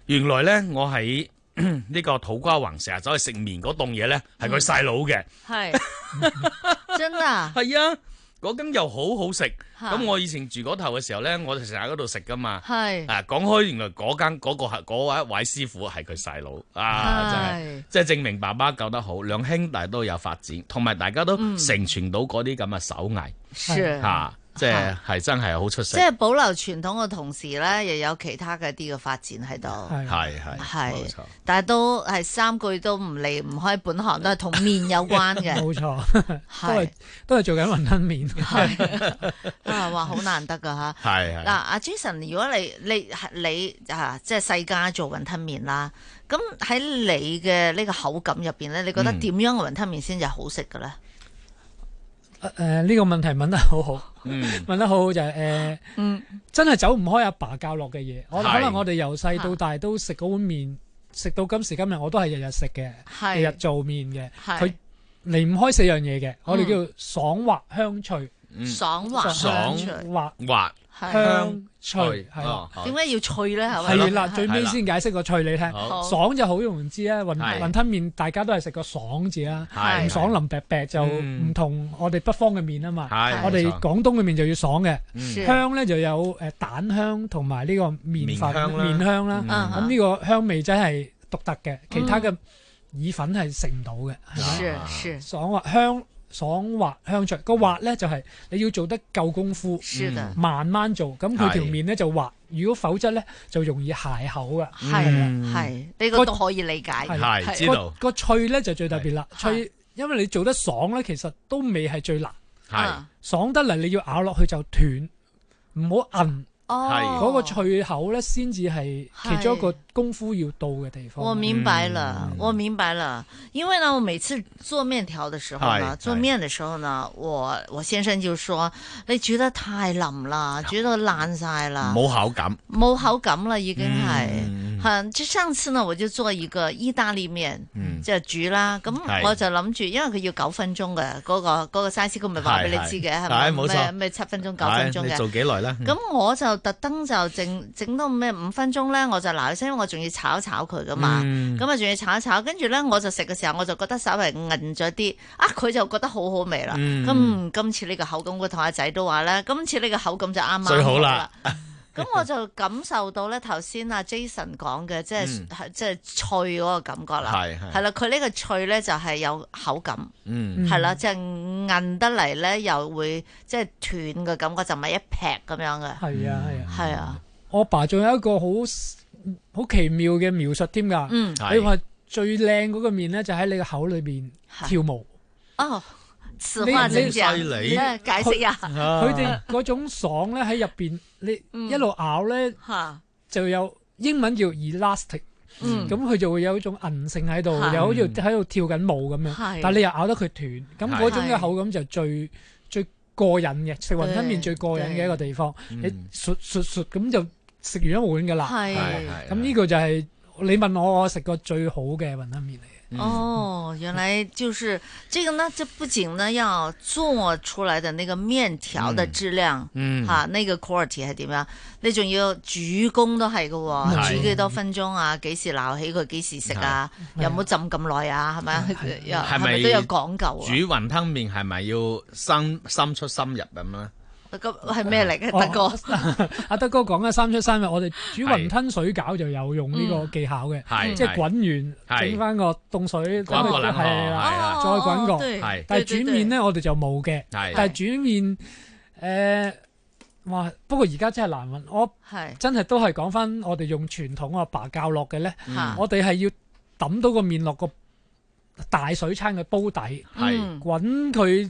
原來咧我喺呢個土瓜灣成日走去食麵嗰檔嘢咧，係佢細佬嘅，係真啊，係啊。嗰間又好好食，咁我以前住嗰頭嘅時候呢，我就成日喺嗰度食噶嘛。係是，啊講開原來嗰間嗰個係嗰位師傅係佢細佬，啊是真係，即係證明爸爸教得好，兩兄弟都有發展，同埋大家都成全到嗰啲咁嘅手藝，吓、嗯。即係真係好出色，即係、就是、保留傳統嘅同時咧，又有其他嘅啲嘅發展喺度。係係係，但係都係三句都唔離唔開本行，都係同麵有關嘅。冇 錯，是是都係都係做緊雲吞麵。係啊，話好難得噶吓。係嗱的，阿的、啊、Jason，如果你你你啊，即、就、係、是、世家做雲吞麵啦，咁喺你嘅呢個口感入邊咧，你覺得點樣嘅雲吞麵先至係好食嘅咧？嗯誒，呢個問題問得好好，問得好好就係誒，真係走唔開阿爸教落嘅嘢。我可能我哋由細到大都食嗰碗麵，食到今時今日我都係日日食嘅，日日做麵嘅。佢離唔開四樣嘢嘅，我哋叫爽滑香脆，爽滑，爽滑，爽滑。香脆係啊，點解要脆咧？係咪？係啦，最尾先解釋個脆你聽，爽就好容易知啦。雲雲吞麵大家都係食個爽字啦，唔爽淋白白就唔同我哋北方嘅麵啊嘛。係我哋廣東嘅麵就要爽嘅，香咧，就有誒蛋香同埋呢個麵粉麵香啦。咁呢個香味真係獨特嘅，其他嘅意粉係食唔到嘅。係啊，爽啊香。爽滑香脆，個滑咧就係你要做得夠功夫，慢慢做，咁佢條麵咧就滑。如果否則咧，就容易鞋口嘅。係係，呢個都可以理解。係知道個脆咧就最特別啦，脆因為你做得爽咧，其實都未係最辣。係爽得嚟，你要咬落去就斷，唔好韌。哦，嗰個脆口咧先至係其中一個。功夫要到嘅地方。我明白了，我明白了，因為呢，我每次做麵條嘅時候呢，做麵嘅時候呢，我我先生就說你煮得太腍啦，煮到爛晒啦，冇口感，冇口感啦，已經係，即上次呢，我就做一個意大利麵，即係煮啦，咁我就諗住，因為佢要九分鐘嘅，嗰個嗰個 size，佢咪話俾你知嘅，係咪？冇錯，咪七分鐘九分鐘嘅，做幾耐啦？咁我就特登就整整到咩五分鐘咧，我就嗱聲。仲要炒一炒佢噶嘛，咁啊仲要炒一炒，跟住咧我就食嘅時候，我就覺得稍微韌咗啲，啊佢就覺得好好味啦。咁、嗯、今次呢個口感，我同阿仔都話咧，今次呢個口感就啱啱好啦。咁了我就感受到咧，頭先阿 Jason 講嘅，就是嗯、即係即係脆嗰個感覺啦，係係啦，佢呢個脆咧就係有口感，嗯係啦，即係韌得嚟咧又會即係斷嘅感覺，就唔係一劈咁樣嘅，係啊係啊係啊。啊啊我爸仲有一個好。好奇妙嘅描述添噶，你話最靚嗰個麵咧就喺你個口裏邊跳舞。哦，此話不虛。你犀利，解釋啊！佢哋嗰種爽咧喺入邊，你一路咬咧就有英文叫 elastic，咁佢就會有一種韌性喺度，又好似喺度跳緊舞咁樣。但係你又咬得佢斷，咁嗰種嘅口感就最最過癮嘅。食雲吞麵最過癮嘅一個地方，你咁就。食完一碗嘅啦，係咁呢個就係你問我我食過最好嘅雲吞麵嚟哦，原來就是，這個呢，就不僅呢要做出來的那個麵條的質量，嗯，哈，那個 quality 係點樣？你仲要煮功都係嘅喎，煮幾多分鐘啊？幾時撈起佢？幾時食啊？有冇浸咁耐啊？係咪？係咪都有講究？煮雲吞麵係咪要深深出深入咁咧？係咩嚟嘅？德哥，阿德哥講緊嘅三出三入，我哋煮雲吞水餃就有用呢個技巧嘅，即係滾完整翻個凍水，係再滾過，但係煮麵呢，我哋就冇嘅。但係煮麵，誒，哇！不過而家真係難搵，我真係都係講翻我哋用傳統阿爸教落嘅呢，我哋係要抌到個麵落個大水餐嘅煲底，係滾佢。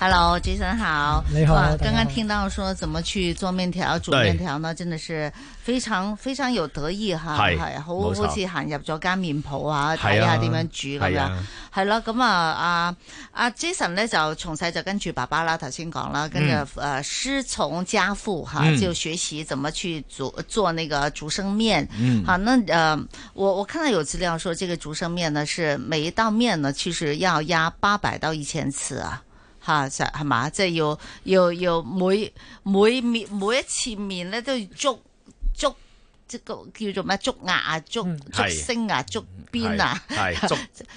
Hello，Jason 好。你好。剛剛聽到說，怎麼去做麵條、煮麵條呢？真的是非常非常有得意哈。係。好好似行入咗間麵鋪啊，睇下點樣煮咁樣。係啦，咁啊，啊阿 Jason 咧就從細就跟住爸爸啦，頭先講啦，跟着呃師從家父哈，就學習怎麼去煮做那個竹升麵。嗯。好，那呃我我看到有資料說，這個竹升麵呢，是每一道麵呢，其實要壓八百到一千次啊。吓實係嘛？即係要要要每每麵每一次麵咧，都要捉捉即個叫做咩捉，捉，捉牙捉竹升牙捉邊啊，係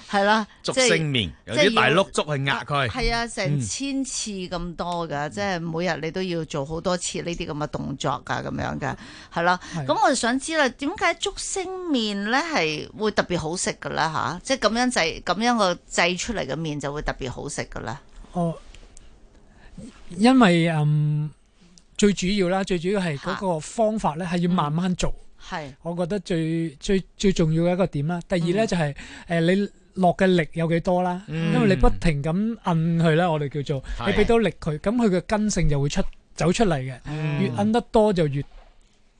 係啦，竹升麵有啲大碌竹去壓佢，係啊，成、嗯啊、千次咁多噶，即係每日你都要做好多次呢啲咁嘅動作噶，咁樣嘅係啦。咁是是我就想知啦，點解竹升麵咧係會特別好食噶啦吓？即係咁樣製咁樣個製出嚟嘅麵就會特別好食噶啦。哦，因為嗯，最主要啦，最主要係嗰個方法咧，係要慢慢做。係，我覺得最最最重要嘅一個點啦。第二咧就係，誒，你落嘅力有幾多啦？因為你不停咁按佢咧，我哋叫做你俾到力佢，咁佢嘅根性就會出走出嚟嘅。越按得多就越。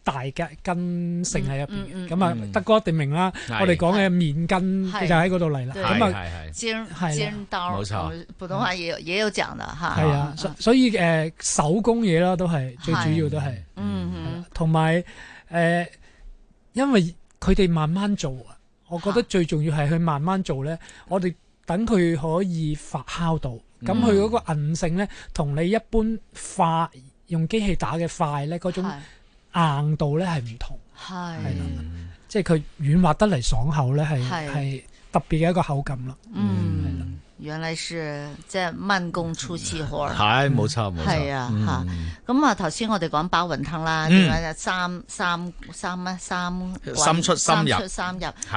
大嘅筋性喺入邊，咁啊德哥一定明啦。我哋講嘅麵筋就喺嗰度嚟啦。咁啊，尖係尖刀，冇錯。普通話也有也有講的嚇。係啊，所以誒手工嘢啦，都係最主要都係。嗯同埋誒，因為佢哋慢慢做啊，我覺得最重要係佢慢慢做咧。我哋等佢可以發酵到，咁佢嗰個韌性咧，同你一般化用機器打嘅快咧嗰種。硬度咧係唔同，係啦是，即係佢軟滑得嚟爽口咧，係係是特別嘅一個口感啦。嗯原來是即係慢工出細活，係冇錯冇錯，係啊嚇。咁啊頭先我哋講包雲吞啦，點解就三三三乜三三出三入？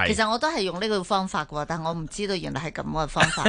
其實我都係用呢個方法嘅，但係我唔知道原來係咁嘅方法。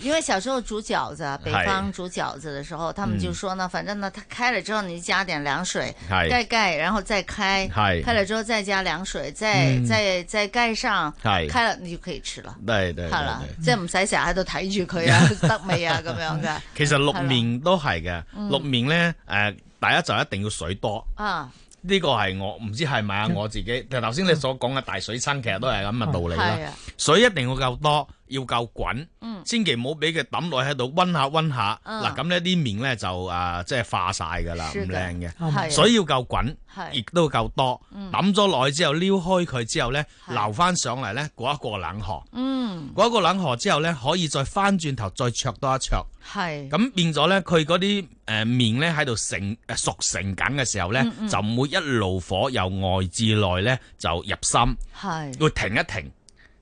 因為小時候煮餃子，啊，北方煮餃子嘅時候，他們就說呢，反正呢，佢開了之後，你加點涼水，蓋蓋，然後再開，開了之後再加涼水，再再再蓋上，開了你就可以吃了。係係，即係，唔使洗。喺度睇住佢啊，得未啊？咁樣噶，其實六麵都係嘅。嗯、六麵咧，誒、呃，第一就一定要水多啊。呢個係我唔知係咪啊？我自己，但係頭先你所講嘅大水親，其實都係咁嘅道理啦。啊、水一定要夠多。要夠滾，千祈唔好俾佢抌落喺度，溫下溫下。嗱咁咧啲麵咧就誒即係化曬㗎啦，唔靚嘅。係，所以要夠滾，係，亦都夠多。抌咗落去之後，撩開佢之後咧，撈翻上嚟咧，過一過冷河。嗯，過一過冷河之後咧，可以再翻轉頭再灼多一灼。係，咁變咗咧，佢嗰啲誒麵咧喺度成熟成緊嘅時候咧，就唔會一路火由外至內咧就入心。係，會停一停，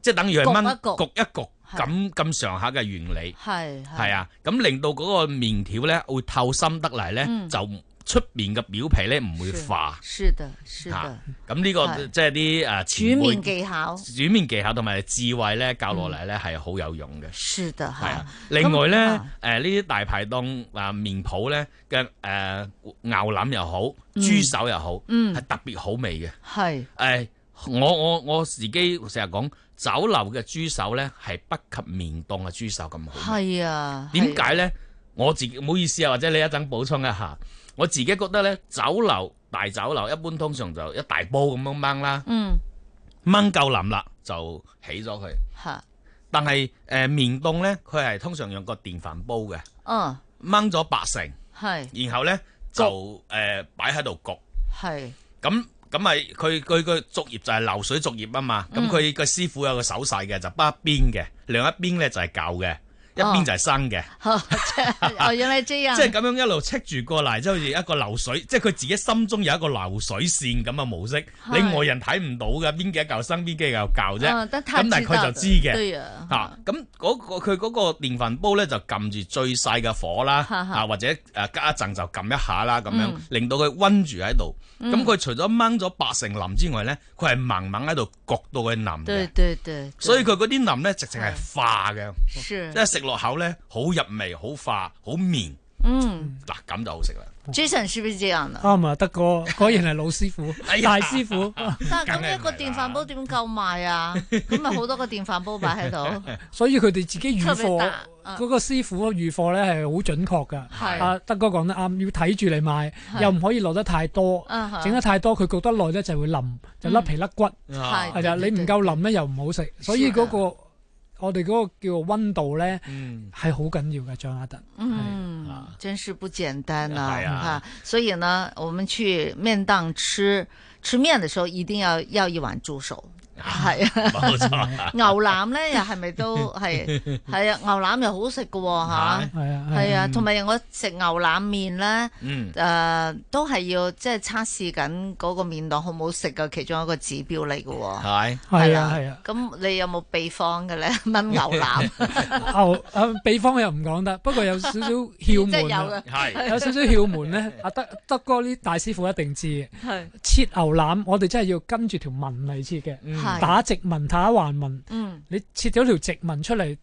即係等於係炆一焗一焗。咁咁上下嘅原理，係係啊，咁令到嗰個麵條咧會透心得嚟咧，嗯、就出面嘅表皮咧唔會化是。是的，是咁呢、啊這個即係啲誒，煮麵技巧，煮麵技巧同埋智慧咧教落嚟咧係好有用嘅。是的，係啊。另外咧，誒呢啲大排檔啊、呃、麵鋪咧嘅誒牛腩又好，豬手又好，嗯，嗯，係特別好味嘅。係是，誒、哎、我我我自己成日講。酒樓嘅豬手呢，係不及麵檔嘅豬手咁好。係啊，點解呢？我自己唔好意思啊，或者你一陣補充一下。我自己覺得呢，酒樓大酒樓一般通常就一大煲咁樣燜啦。嗯。燜夠腍啦，就起咗佢。係。但係誒麵檔呢，佢係通常用個電飯煲嘅。嗯。燜咗八成。係。然後呢就誒擺喺度焗。係。咁。咁咪佢佢個作業就係流水作業啊嘛，咁佢個師傅有個手勢嘅，就北邊嘅，另一邊呢就係教嘅。一邊就係生嘅，即係咁樣一路戚住過嚟，即好似一個流水，即係佢自己心中有一個流水線咁嘅模式。的你外人睇唔到嘅，邊幾嚿生邊幾嚿舊啫。咁、哦、但係佢就知嘅，吓咁、啊啊那個佢嗰個電飯煲咧就撳住最細嘅火啦，哈哈或者誒隔一陣就撳一下啦，咁樣、嗯、令到佢溫住喺度。咁佢、嗯、除咗掹咗八成腍之外咧，佢係猛猛喺度焗到佢腍。所以佢嗰啲腍咧直情係化嘅，即係食入口咧好入味、好化、好綿。嗯，嗱咁就好食啦。Jason 係咪啊？啱啊，德哥，果然係老師傅、大師傅。但係咁一個電飯煲點夠賣啊？咁咪好多個電飯煲擺喺度。所以佢哋自己預貨嗰個師傅預貨咧係好準確噶。係啊，德哥講得啱，要睇住你賣，又唔可以落得太多，整得太多佢焗得耐咧就會淋，就甩皮甩骨。係啊，你唔夠淋咧又唔好食，所以嗰個。我哋嗰個叫做溫度呢，係好緊要嘅張亞登。嗯，是嗯真是不簡單啊！哈、啊，所以呢，我們去麵檔吃吃麵嘅時候，一定要要一碗豬手。係啊，冇錯。牛腩咧，又係咪都係？係啊，牛腩又好食噶吓，係啊，同埋我食牛腩麵咧，誒，都係要即係測試緊嗰個麵檔好唔好食嘅其中一個指標嚟嘅係係啊係啊。咁你有冇秘方嘅咧？炆牛腩牛秘方又唔講得，不過有少少竅門，係有少少竅門咧。阿德德哥啲大師傅一定知，切牛腩我哋真係要跟住條紋嚟切嘅。打直紋，打橫紋，你切咗條直紋出嚟，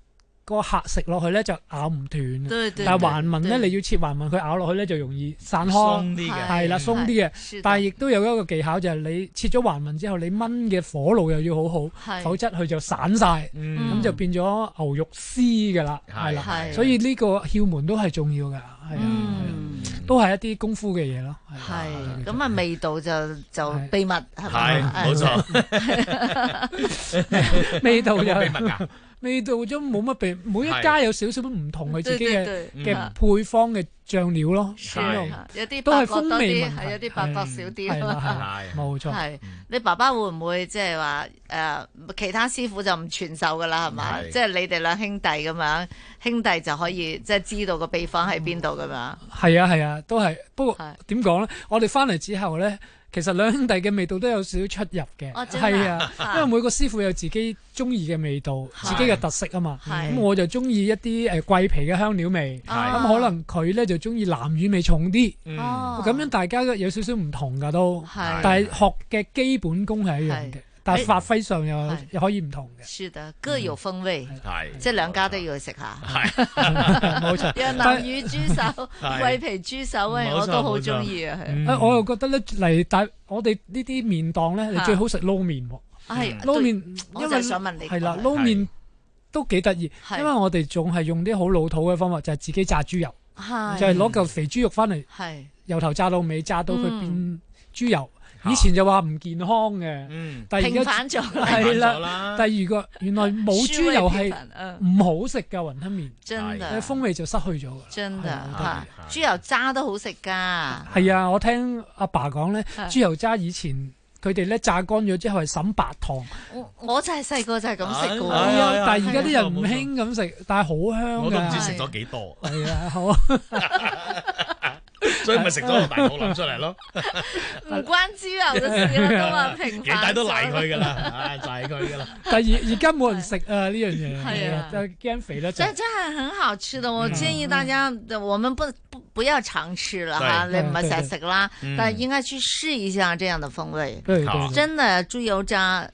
個客食落去咧就咬唔斷。但係橫紋咧，你要切橫紋，佢咬落去咧就容易散開。係啦，鬆啲嘅。但係亦都有一個技巧，就係你切咗橫紋之後，你炆嘅火爐又要好好，否則佢就散晒，咁就變咗牛肉絲噶啦。係啦，所以呢個竅門都係重要噶。係啊。都係一啲功夫嘅嘢咯，係咁啊。味道就就秘密，係冇錯，味道就秘密噶，味道都冇乜秘，每一家有少少都唔同，佢自己嘅配方嘅醬料咯，有啲都係多啲，係有啲八角少啲啦，冇錯。係你爸爸會唔會即係話誒，其他師傅就唔傳授噶啦係咪？即係你哋兩兄弟咁樣，兄弟就可以即係知道個秘方喺邊度咁樣。係啊係啊。都係，不過點講咧？我哋翻嚟之後咧，其實兩兄弟嘅味道都有少少出入嘅，係啊， 因為每個師傅有自己中意嘅味道，是自己嘅特色啊嘛。咁是我就中意一啲誒桂皮嘅香料味，咁是、啊、可能佢咧就中意南乳味重啲。咁、嗯、樣大家都有少少唔同噶都，是但係學嘅基本功係一樣嘅。但係發揮上又又可以唔同嘅。是的，各有風味，係即係兩家都要去食下。係冇錯，有南乳豬手、桂皮豬手啊，我都好中意啊，係。我又覺得咧嚟但我哋呢啲麵檔咧，你最好食撈麵喎，係撈麵，因為想問你，撈麵都幾得意，因為我哋仲係用啲好老土嘅方法，就係自己炸豬油，就係攞嚿肥豬肉翻嚟，由頭炸到尾，炸到佢變豬油。以前就話唔健康嘅，嗯，但係而家平反咗啦，係啦。第二個原來冇豬油係唔好食噶雲吞麵，真噶風味就失去咗，真噶。豬油渣都好食噶，係啊！我聽阿爸講咧，豬油渣以前佢哋咧炸乾咗之後係滲白糖。我我就係細個就係咁食噶，但係而家啲人唔興咁食，但係好香我都唔知食咗幾多。係啊！好。所以咪食咗個大肚腩出嚟咯，唔關豬油嘅事啦，咁啊平大野都賴佢㗎啦，啊賴佢㗎啦。但而而家冇人食啊呢樣嘢，啊，就驚肥啦。但係真係很好吃的，我建議大家，我們不不不要常吃了哈，你唔係成日食啦，但應該去試一下這樣的風味。對對，真的豬油渣。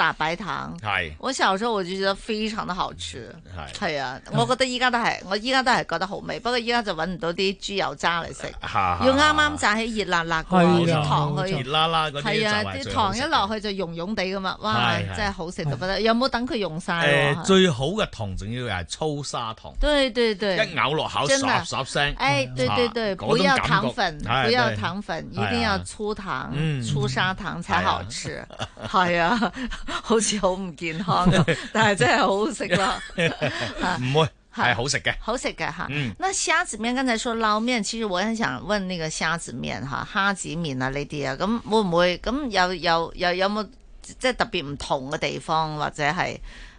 炸白糖，係細個嗰時候我就覺得非常的好食，係啊，我覺得依家都係，我依家都係覺得好味，不過依家就揾唔到啲豬油渣嚟食，要啱啱炸起熱辣辣嘅，啲糖去熱辣辣嗰啲就最。係啊，啲糖一落去就溶溶地㗎嘛，哇，真係好食到不得，有冇等佢用晒？欸，最好嘅糖仲要係粗砂糖，對對對，一咬落口沙沙聲，哎，對對對，不要糖粉，不要糖粉，一定要粗糖、粗砂糖才好吃，係啊。好似好唔健康， 但係真係好好食咯，唔 是會係好食嘅，好食嘅吓。嗯，那蝦子麵剛才說撈麵，麵其實我很想問呢個蝦子麵吓，蝦子麵啊呢啲啊，咁會唔會咁有有有有冇即係特別唔同嘅地方，或者係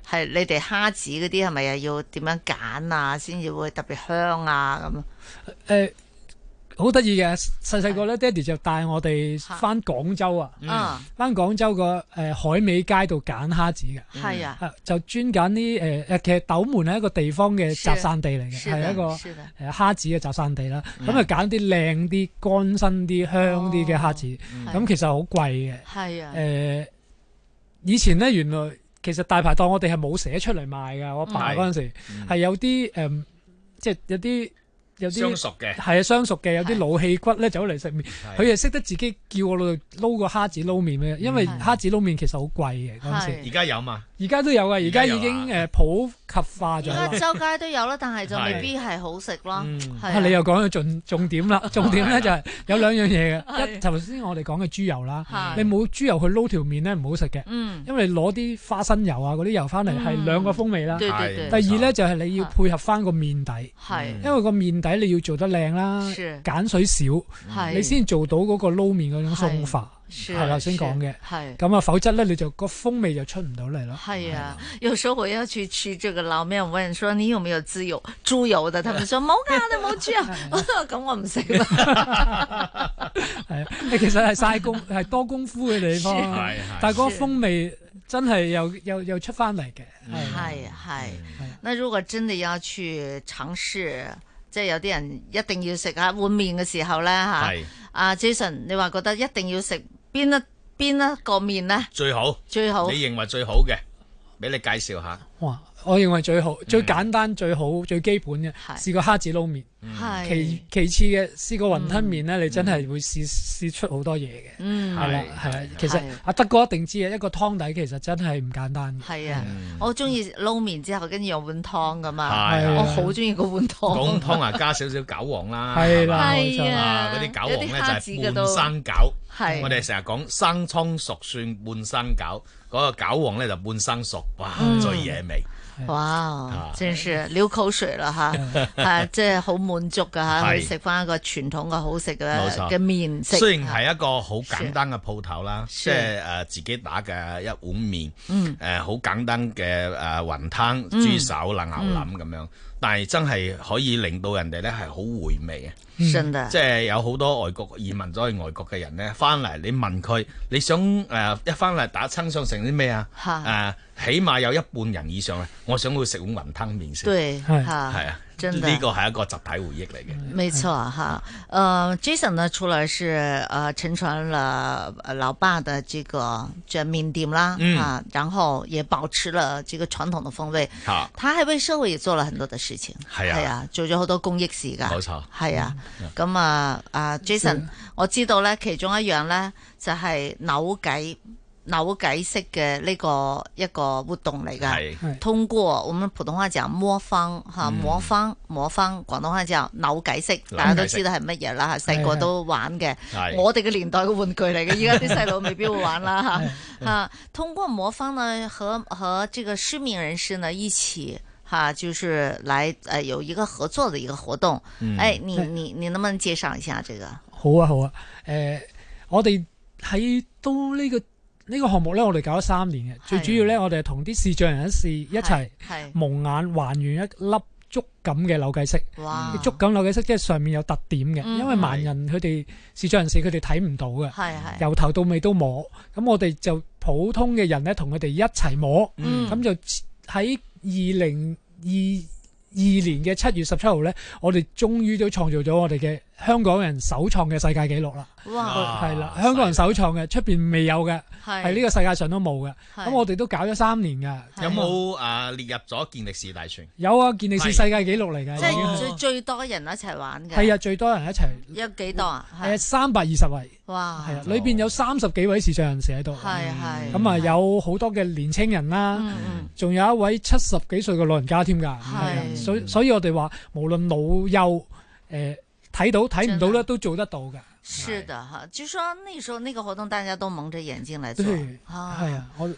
係你哋蝦子嗰啲係咪又要點樣揀啊，先至會特別香啊咁誒？好得意嘅，細細個咧，爹哋就帶我哋翻廣州啊，翻、啊嗯、廣州個、呃、海味街度揀蝦子嘅，啊、嗯，就專揀啲、呃、其實斗門係一個地方嘅集散地嚟嘅，係一個誒蝦子嘅集散地啦。咁啊揀啲靚啲、乾身啲、香啲嘅蝦子，咁、哦嗯嗯、其實好貴嘅，係啊的、呃，以前咧原來其實大排檔我哋係冇寫出嚟賣㗎。我爸嗰陣時係、嗯、有啲、呃、即係有啲。有啲相熟嘅，係啊，相熟嘅有啲老氣骨咧走嚟食麵，佢又識得自己叫我老豆撈個蝦子撈麵咩？因為蝦子撈麵其實好貴嘅，嗰陣時，而家是的 有嘛？而家都有噶，而家已經誒普及化咗。而家周街都有啦，但係就未必係好食咯。係，你又講到重重點啦。重點咧就係有兩樣嘢嘅。一頭先我哋講嘅豬油啦，你冇豬油去撈條麵咧唔好食嘅。嗯。因為你攞啲花生油啊、嗰啲油翻嚟係兩個風味啦。第二咧就係你要配合翻個麵底。係。因為個麵底你要做得靚啦，鹼水少，你先做到嗰個撈麵嗰種鬆化。係頭先講嘅，係咁啊，否則咧，你就個風味就出唔到嚟咯。係啊，有時候我要去吃這個撈麵，我問說你有沒有豬油？豬油的，他們說冇噶，你冇豬啊，咁我唔食啦。係啊，其實係晒功，係多功夫嘅地方，但係個風味真係又又又出翻嚟嘅。係係，嗱如果真係要去嘗試，即係有啲人一定要食一碗麵嘅時候咧吓，阿 Jason，你話覺得一定要食？邊一邊一個麵呢？最好最好，最好你認為最好嘅，俾你介紹下。我認為最好、最簡單、最好、最基本嘅，試個蝦子撈麵。係。其其次嘅試個雲吞麵咧，你真係會試試出好多嘢嘅。嗯。係啦，係啊。其實阿德哥一定知嘅，一個湯底其實真係唔簡單。係啊，我中意撈麵之後跟住有碗湯噶嘛。係係。我好中意個碗湯。碗湯啊，加少少韭黃啦。係啦。冇錯嗰啲韭黃咧就半生韭。係。我哋成日講生葱熟蒜半生韭，嗰個韭黃咧就半生熟，哇，最惹味。哇、wow, 啊啊啊！真是流口水啦吓，係即係好滿足㗎吓，食翻一個傳統嘅好食嘅嘅麵食。雖然係一個好簡單嘅鋪頭啦，即係自己打嘅一碗麵，誒好、嗯呃、簡單嘅誒雲吞、豬手、冷、嗯、牛腩咁樣。但係真係可以令到人哋呢係好回味嘅，即係有好多外國移民咗去外國嘅人呢，翻嚟你問佢你想誒、呃、一翻嚟打親上城啲咩啊？誒是的、啊，起碼有一半人以上呢，我想去食碗雲吞麵先。係係啊。呢個係一個集體回憶嚟嘅，沒錯哈。誒、uh，Jason 呢，除了是誒，承、呃、傳了老爸的這個這麵店啦，嗯、啊，然後也保持了這個傳統的風味。吓、啊，他還為社會也做了很多的事情，係啊，啊，做咗好多公益事噶，冇錯錯。係啊，咁啊、嗯，啊、嗯 uh，Jason，是我知道咧，其中一樣咧就係扭計。扭計骰嘅呢個一個活動嚟㗎，通過我們普通話叫魔方吓。魔方、魔方，廣東話叫扭計骰，大家都知道係乜嘢啦，細個都玩嘅。我哋嘅年代嘅玩具嚟嘅，而家啲細路未必會玩啦吓。吓，通過魔方呢，和、和這個失明人士呢一起吓，就是來誒，有一個合作嘅一個活動。誒，你你你能不能介紹一下這個？好啊好啊，誒，我哋喺到呢個。呢個項目呢，我哋搞咗三年嘅，最主要呢，我哋係同啲視障人士一齊，係蒙眼還原一粒觸感嘅扭計骰。哇！觸感扭計骰，即係上面有特點嘅，嗯、因為盲人佢哋是視障人士佢哋睇唔到嘅，由頭到尾都摸。咁我哋就普通嘅人呢，同佢哋一齊摸，咁、嗯、就喺二零二二年嘅七月十七號呢，我哋終於都創造咗我哋嘅。香港人首創嘅世界紀錄啦，係啦，香港人首創嘅，出邊未有嘅，係呢個世界上都冇嘅。咁我哋都搞咗三年㗎，有冇誒列入咗健力士大全？有啊，健力士世界紀錄嚟嘅，即係最最多人一齊玩嘅，係啊，最多人一齊有幾多啊？啊，三百二十位，哇，係啊，裏邊有三十幾位時尚人士喺度，係係，咁啊，有好多嘅年青人啦，仲有一位七十幾歲嘅老人家添㗎，係，所所以我哋話無論老幼誒。睇到睇唔到咧，到的都做得到嘅，是的哈，據的的、啊、說那時候那個活動，大家都蒙着眼睛來做。係啊對、哦哎呀，我。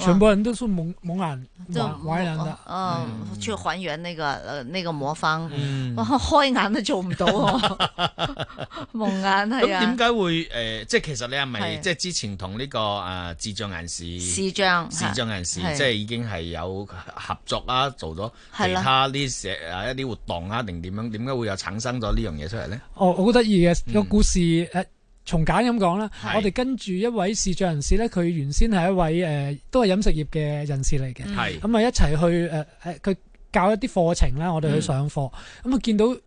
全部人都是蒙蒙眼，壞眼啦，嗯，去還原呢個呃呢個魔方，開眼都做唔到，蒙眼係啊。咁點解會誒？即係其實你係咪即係之前同呢個啊智障人士、視障、視障人士即係已經係有合作啦，做咗其他啲社一啲活動啊？定點樣？點解會有產生咗呢樣嘢出嚟咧？哦，好得意嘅個故事誒。從簡咁講啦，我哋跟住一位視障人士咧，佢原先係一位誒、呃、都係飲食業嘅人士嚟嘅，咁啊、嗯、一齊去誒佢、呃呃、教一啲課程啦，我哋去上課，咁啊、嗯、見到誒佢、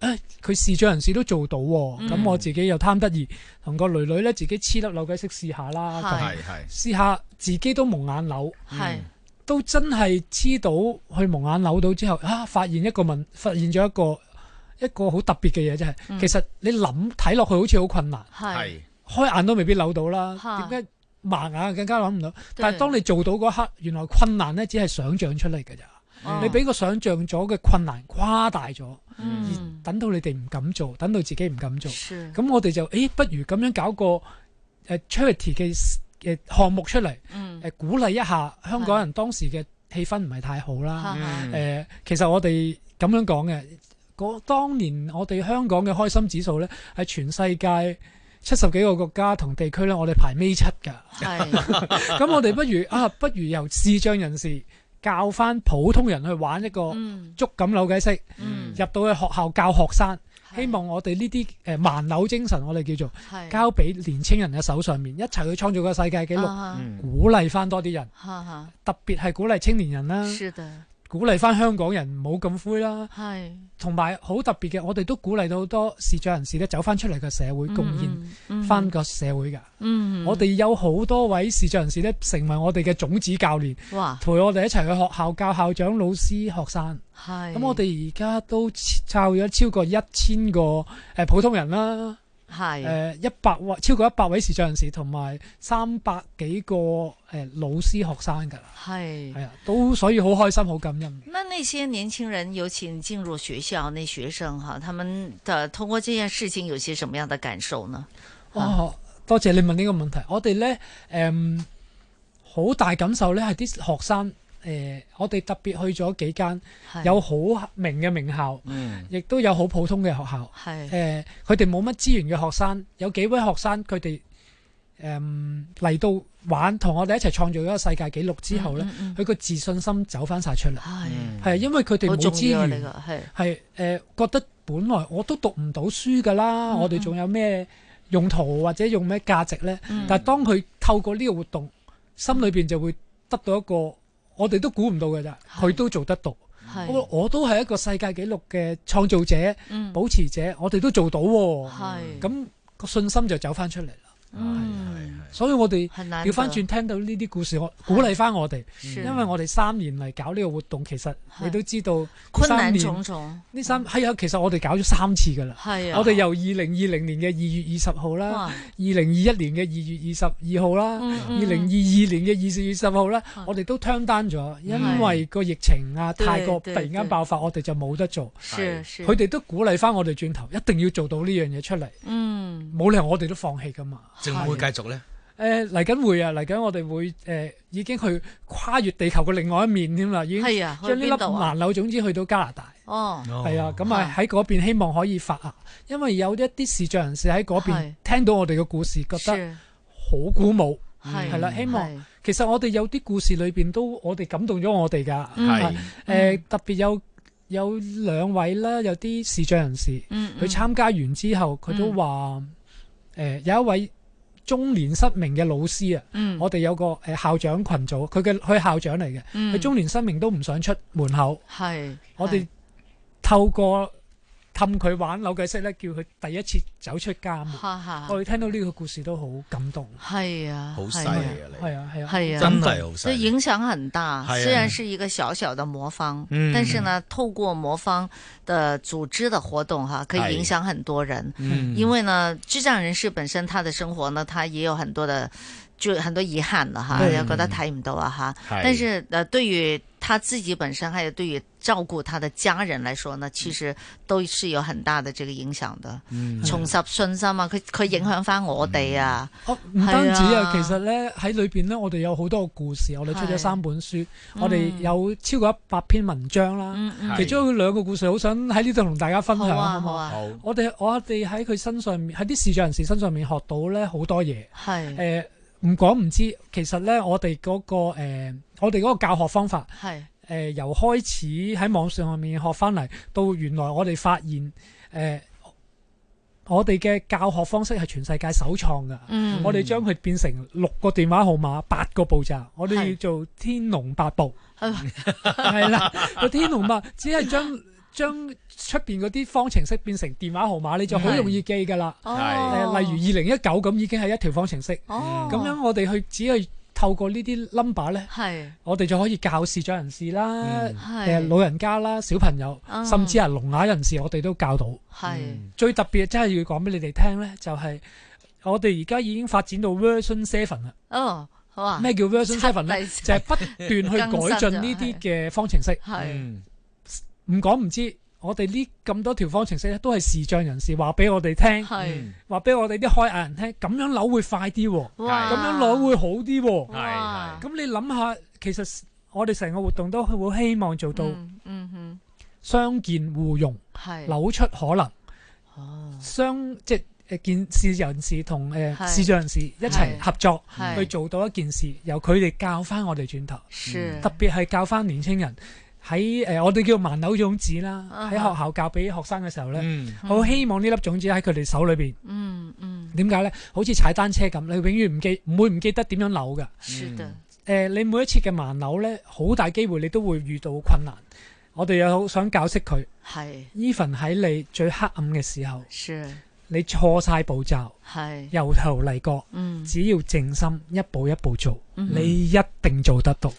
呃、視障人士都做到喎、哦，咁、嗯、我自己又貪得意，同個女女咧自己黐粒扭計骰試下啦，嗯、試下自己都蒙眼扭，嗯嗯、都真係黐到去蒙眼扭到之後，啊發現一個問發現咗一個，一個好特別嘅嘢就係，其實你諗睇落去好似好困難，係開眼都未必扭到啦。點解盲眼更加諗唔到？但係當你做到嗰刻，原來困難呢只係想象出嚟嘅咋。你俾個想象咗嘅困難誇大咗，而等到你哋唔敢做，等到自己唔敢做，咁我哋就誒不如咁樣搞個誒 charity 嘅項目出嚟，鼓勵一下香港人。當時嘅氣氛唔係太好啦，誒其實我哋咁樣講嘅。嗰當年我哋香港嘅開心指數呢，係全世界七十幾個國家同地區呢，我哋排尾七㗎。咁是 我哋不如 啊，不如由智障人士教翻普通人去玩一個捉緊扭計式，嗯、入到去學校教學生，嗯、希望我哋呢啲誒萬柳精神，我哋叫做是交俾年青人嘅手上面，一齊去創造個世界紀錄，啊哈嗯、鼓勵翻多啲人，啊、哈特別係鼓勵青年人啦、啊。鼓勵翻香港人唔好咁灰啦，係是，同埋好特別嘅，我哋都鼓勵到好多視障人士咧，走翻出嚟嘅社會，貢獻翻個社會噶。嗯，嗯，我哋有好多位視障人士咧，成為我哋嘅種子教練，嘩陪我哋一齊去學校教校、校長、老師、學生。係是，咁我哋而家都湊咗超過一千個誒普通人啦。係誒一百位超過一百位視障人士同埋三百幾個誒、呃、老師學生㗎啦，係係是啊，都所以好開心好感恩。那那些年輕人尤其進入學校，那些學生哈、啊，他們的通過這件事情有些什麼樣的感受呢？哦，啊、多謝你問呢個問題。我哋呢，誒、嗯，好大感受呢係啲學生。誒、呃，我哋特別去咗幾間有好名嘅名校，亦的、嗯、都有好普通嘅學校。誒的、嗯呃，佢哋冇乜資源嘅學生，有幾位學生佢哋誒嚟到玩，同我哋一齊創造咗個世界紀錄之後呢，佢個、嗯嗯嗯、自信心走翻晒出嚟。係的、嗯、因為佢哋冇資源，係誒、呃、覺得本來我都讀唔到書㗎啦，嗯嗯我哋仲有咩用途或者用咩價值呢？嗯嗯但係當佢透過呢個活動，心裏邊就會得到一個。我哋都估唔到嘅咋，佢都做得到。係，我我都係一個世界紀錄嘅創造者、嗯、保持者，我哋都做到喎。咁個係，信心就走翻出嚟。係，所以我哋調翻轉聽到呢啲故事，我鼓勵翻我哋，因為我哋三年嚟搞呢個活動，其實你都知道困難重重。呢三係啊，其實我哋搞咗三次噶啦。係啊，我哋由二零二零年嘅二月二十號啦，二零二一年嘅二月二十二號啦，二零二二年嘅二月二十號啦，我哋都 turn down 咗，因為個疫情啊，泰國突然間爆發，我哋就冇得做。佢哋都鼓勵翻我哋轉頭，一定要做到呢樣嘢出嚟。嗯，冇理由我哋都放棄噶嘛。會唔會繼續咧？誒嚟緊會啊！嚟緊我哋會誒已經去跨越地球嘅另外一面添啦，已經將呢粒麻柳種子去到加拿大。哦，係啊，咁啊喺嗰邊希望可以發芽，因為有一啲視障人士喺嗰邊聽到我哋嘅故事，覺得好鼓舞。係啦，希望其實我哋有啲故事裏邊都我哋感動咗我哋㗎。係誒特別有有兩位啦，有啲視障人士佢參加完之後，佢都話誒有一位。中年失明嘅老師啊，嗯、我哋有個誒校長群組，佢嘅佢校長嚟嘅，佢、嗯、中年失明都唔想出門口。係，我哋透過。氹佢玩扭計骰咧，叫佢第一次走出家門。哈哈我哋聽到呢個故事都好感動。係啊，好犀利啊！你係啊係啊，啊啊啊啊真係好犀利。所以影響很大，雖然是一個小小的魔方，是啊是啊、但是呢，透過魔方的組織的活動，哈，可以影響很多人。啊啊、因為呢，智障人士本身他的生活呢，他也有很多的。就很多遺憾啦，哈，又覺得睇唔到啊，哈。但是，呃，對於他自己本身，還有對於照顧他的家人嚟說呢，其實都是有很大的這個影響的。嗯，重拾信心啊，佢佢影響翻我哋啊。哦，唔單止啊，其實咧喺裏邊呢，我哋有好多個故事，我哋出咗三本書，我哋有超過一百篇文章啦。其中兩個故事好想喺呢度同大家分享。好好啊。我哋我哋喺佢身上面，喺啲視障人士身上面學到咧好多嘢。係。誒。唔講唔知，其實呢、嗰個呃，我哋嗰個我哋嗰個教學方法是、呃、由開始喺網上面學翻嚟，到原來我哋發現、呃、我哋嘅教學方式係全世界首創噶。嗯、我哋將佢變成六個電話號碼、八個步驟，我哋叫做天龍八步。係吧 啦，個天龍八，只係將。將出面嗰啲方程式變成電話號碼你就好容易記噶啦。例如二零一九咁已經係一條方程式。咁樣我哋去只係透過呢啲 number 呢，我哋就可以教視障人士啦，老人家啦、小朋友，甚至係聾啞人士，我哋都教到。最特別真係要講俾你哋聽呢，就係我哋而家已經發展到 version seven 啦。哦，好啊。咩叫 version seven 呢？就係不斷去改進呢啲嘅方程式。唔講唔知，我哋呢咁多條方程式咧，都係視障人士話俾我哋聽，話俾是、嗯、我哋啲開眼人聽，咁樣扭會快啲，咁哇樣扭會好啲。咁哇你諗下，其實我哋成個活動都會希望做到，傷健互融，扭出可能，哦、相即係健視人士同誒、呃、是視障人士一齊合作是去做到一件事，由佢哋教翻我哋轉頭，是特別係教翻年青人。喺誒、呃，我哋叫盲扭種子啦。喺學校教俾學生嘅時候咧，好、嗯、希望呢粒種子喺佢哋手裏邊、嗯。嗯嗯，點解呢？好似踩單車咁，你永遠唔記，唔會唔記得點樣扭嘅。是、嗯嗯呃、你每一次嘅盲扭呢，好大機會你都會遇到困難。我哋又好想教識佢。係是。Even 喺你最黑暗嘅時候，是你錯晒步驟，係是。由頭嚟過，嗯、只要靜心一步一步做，嗯、哼你一定做得到。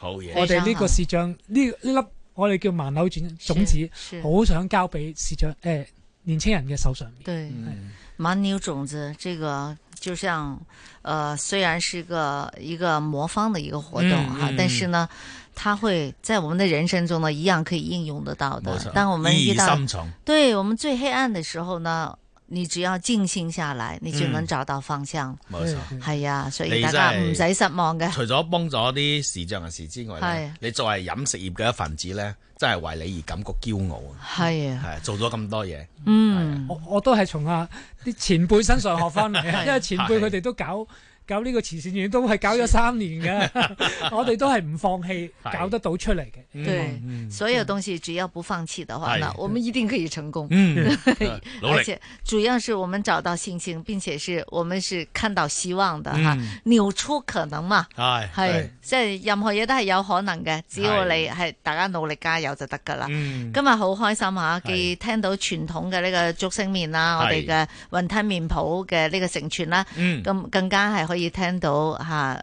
我哋呢個市長呢，呢粒我哋叫萬紐轉種子，好想交俾市長誒、呃，年輕人嘅手上面。對，萬紐、嗯、種子，這個就像，誒、呃，雖然是一個一個魔方的一個活動哈，嗯、但是呢，嗯、它會在我們的人生中呢一樣可以應用得到的。沒錯，當我們遇到，對我們最黑暗的時候呢，你只要靜心下來，你就能找到方向。冇錯，嗯，係啊的，所以大家唔使失望嘅。除咗幫咗啲視障人士之外，的你作為飲食業嘅一份子咧，真係為你而感覺驕傲啊！係啊的，係做咗咁多嘢。嗯，是的我我都係從下啲前輩身上學翻嚟， 的因為前輩佢哋都搞。搞呢個慈善院都係搞咗三年嘅，我哋都係唔放棄，搞得到出嚟嘅。對，所有東西只要不放棄的話，呢，我們一定可以成功。而且主要是我們找到信心，並且是我們是看到希望的哈，扭出可能嘛，係，係，即係任何嘢都係有可能嘅，只要你係大家努力加油就得㗎啦。今日好開心嚇，既聽到傳統嘅呢個竹昇麵啦，我哋嘅雲吞麵鋪嘅呢個承傳啦，咁更加係可以。可以聽到嚇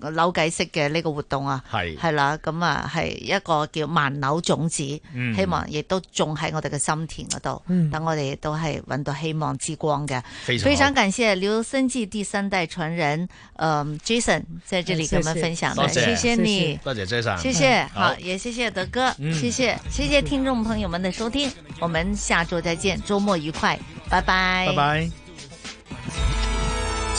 誒扭計式嘅呢個活動啊，係係是啦，咁啊係一個叫萬扭種子，嗯、希望亦都種喺我哋嘅心田嗰度，等、嗯、我哋都係揾到希望之光嘅。非常，非常感謝劉生記第三代傳人誒、呃、Jason，在這裡跟我們分享，謝謝你，多謝 Jason，謝謝，謝謝嗯、好也謝謝德哥，謝謝，嗯、謝謝聽眾朋友們的收聽，我們下週再見，週末愉快，拜拜，拜拜。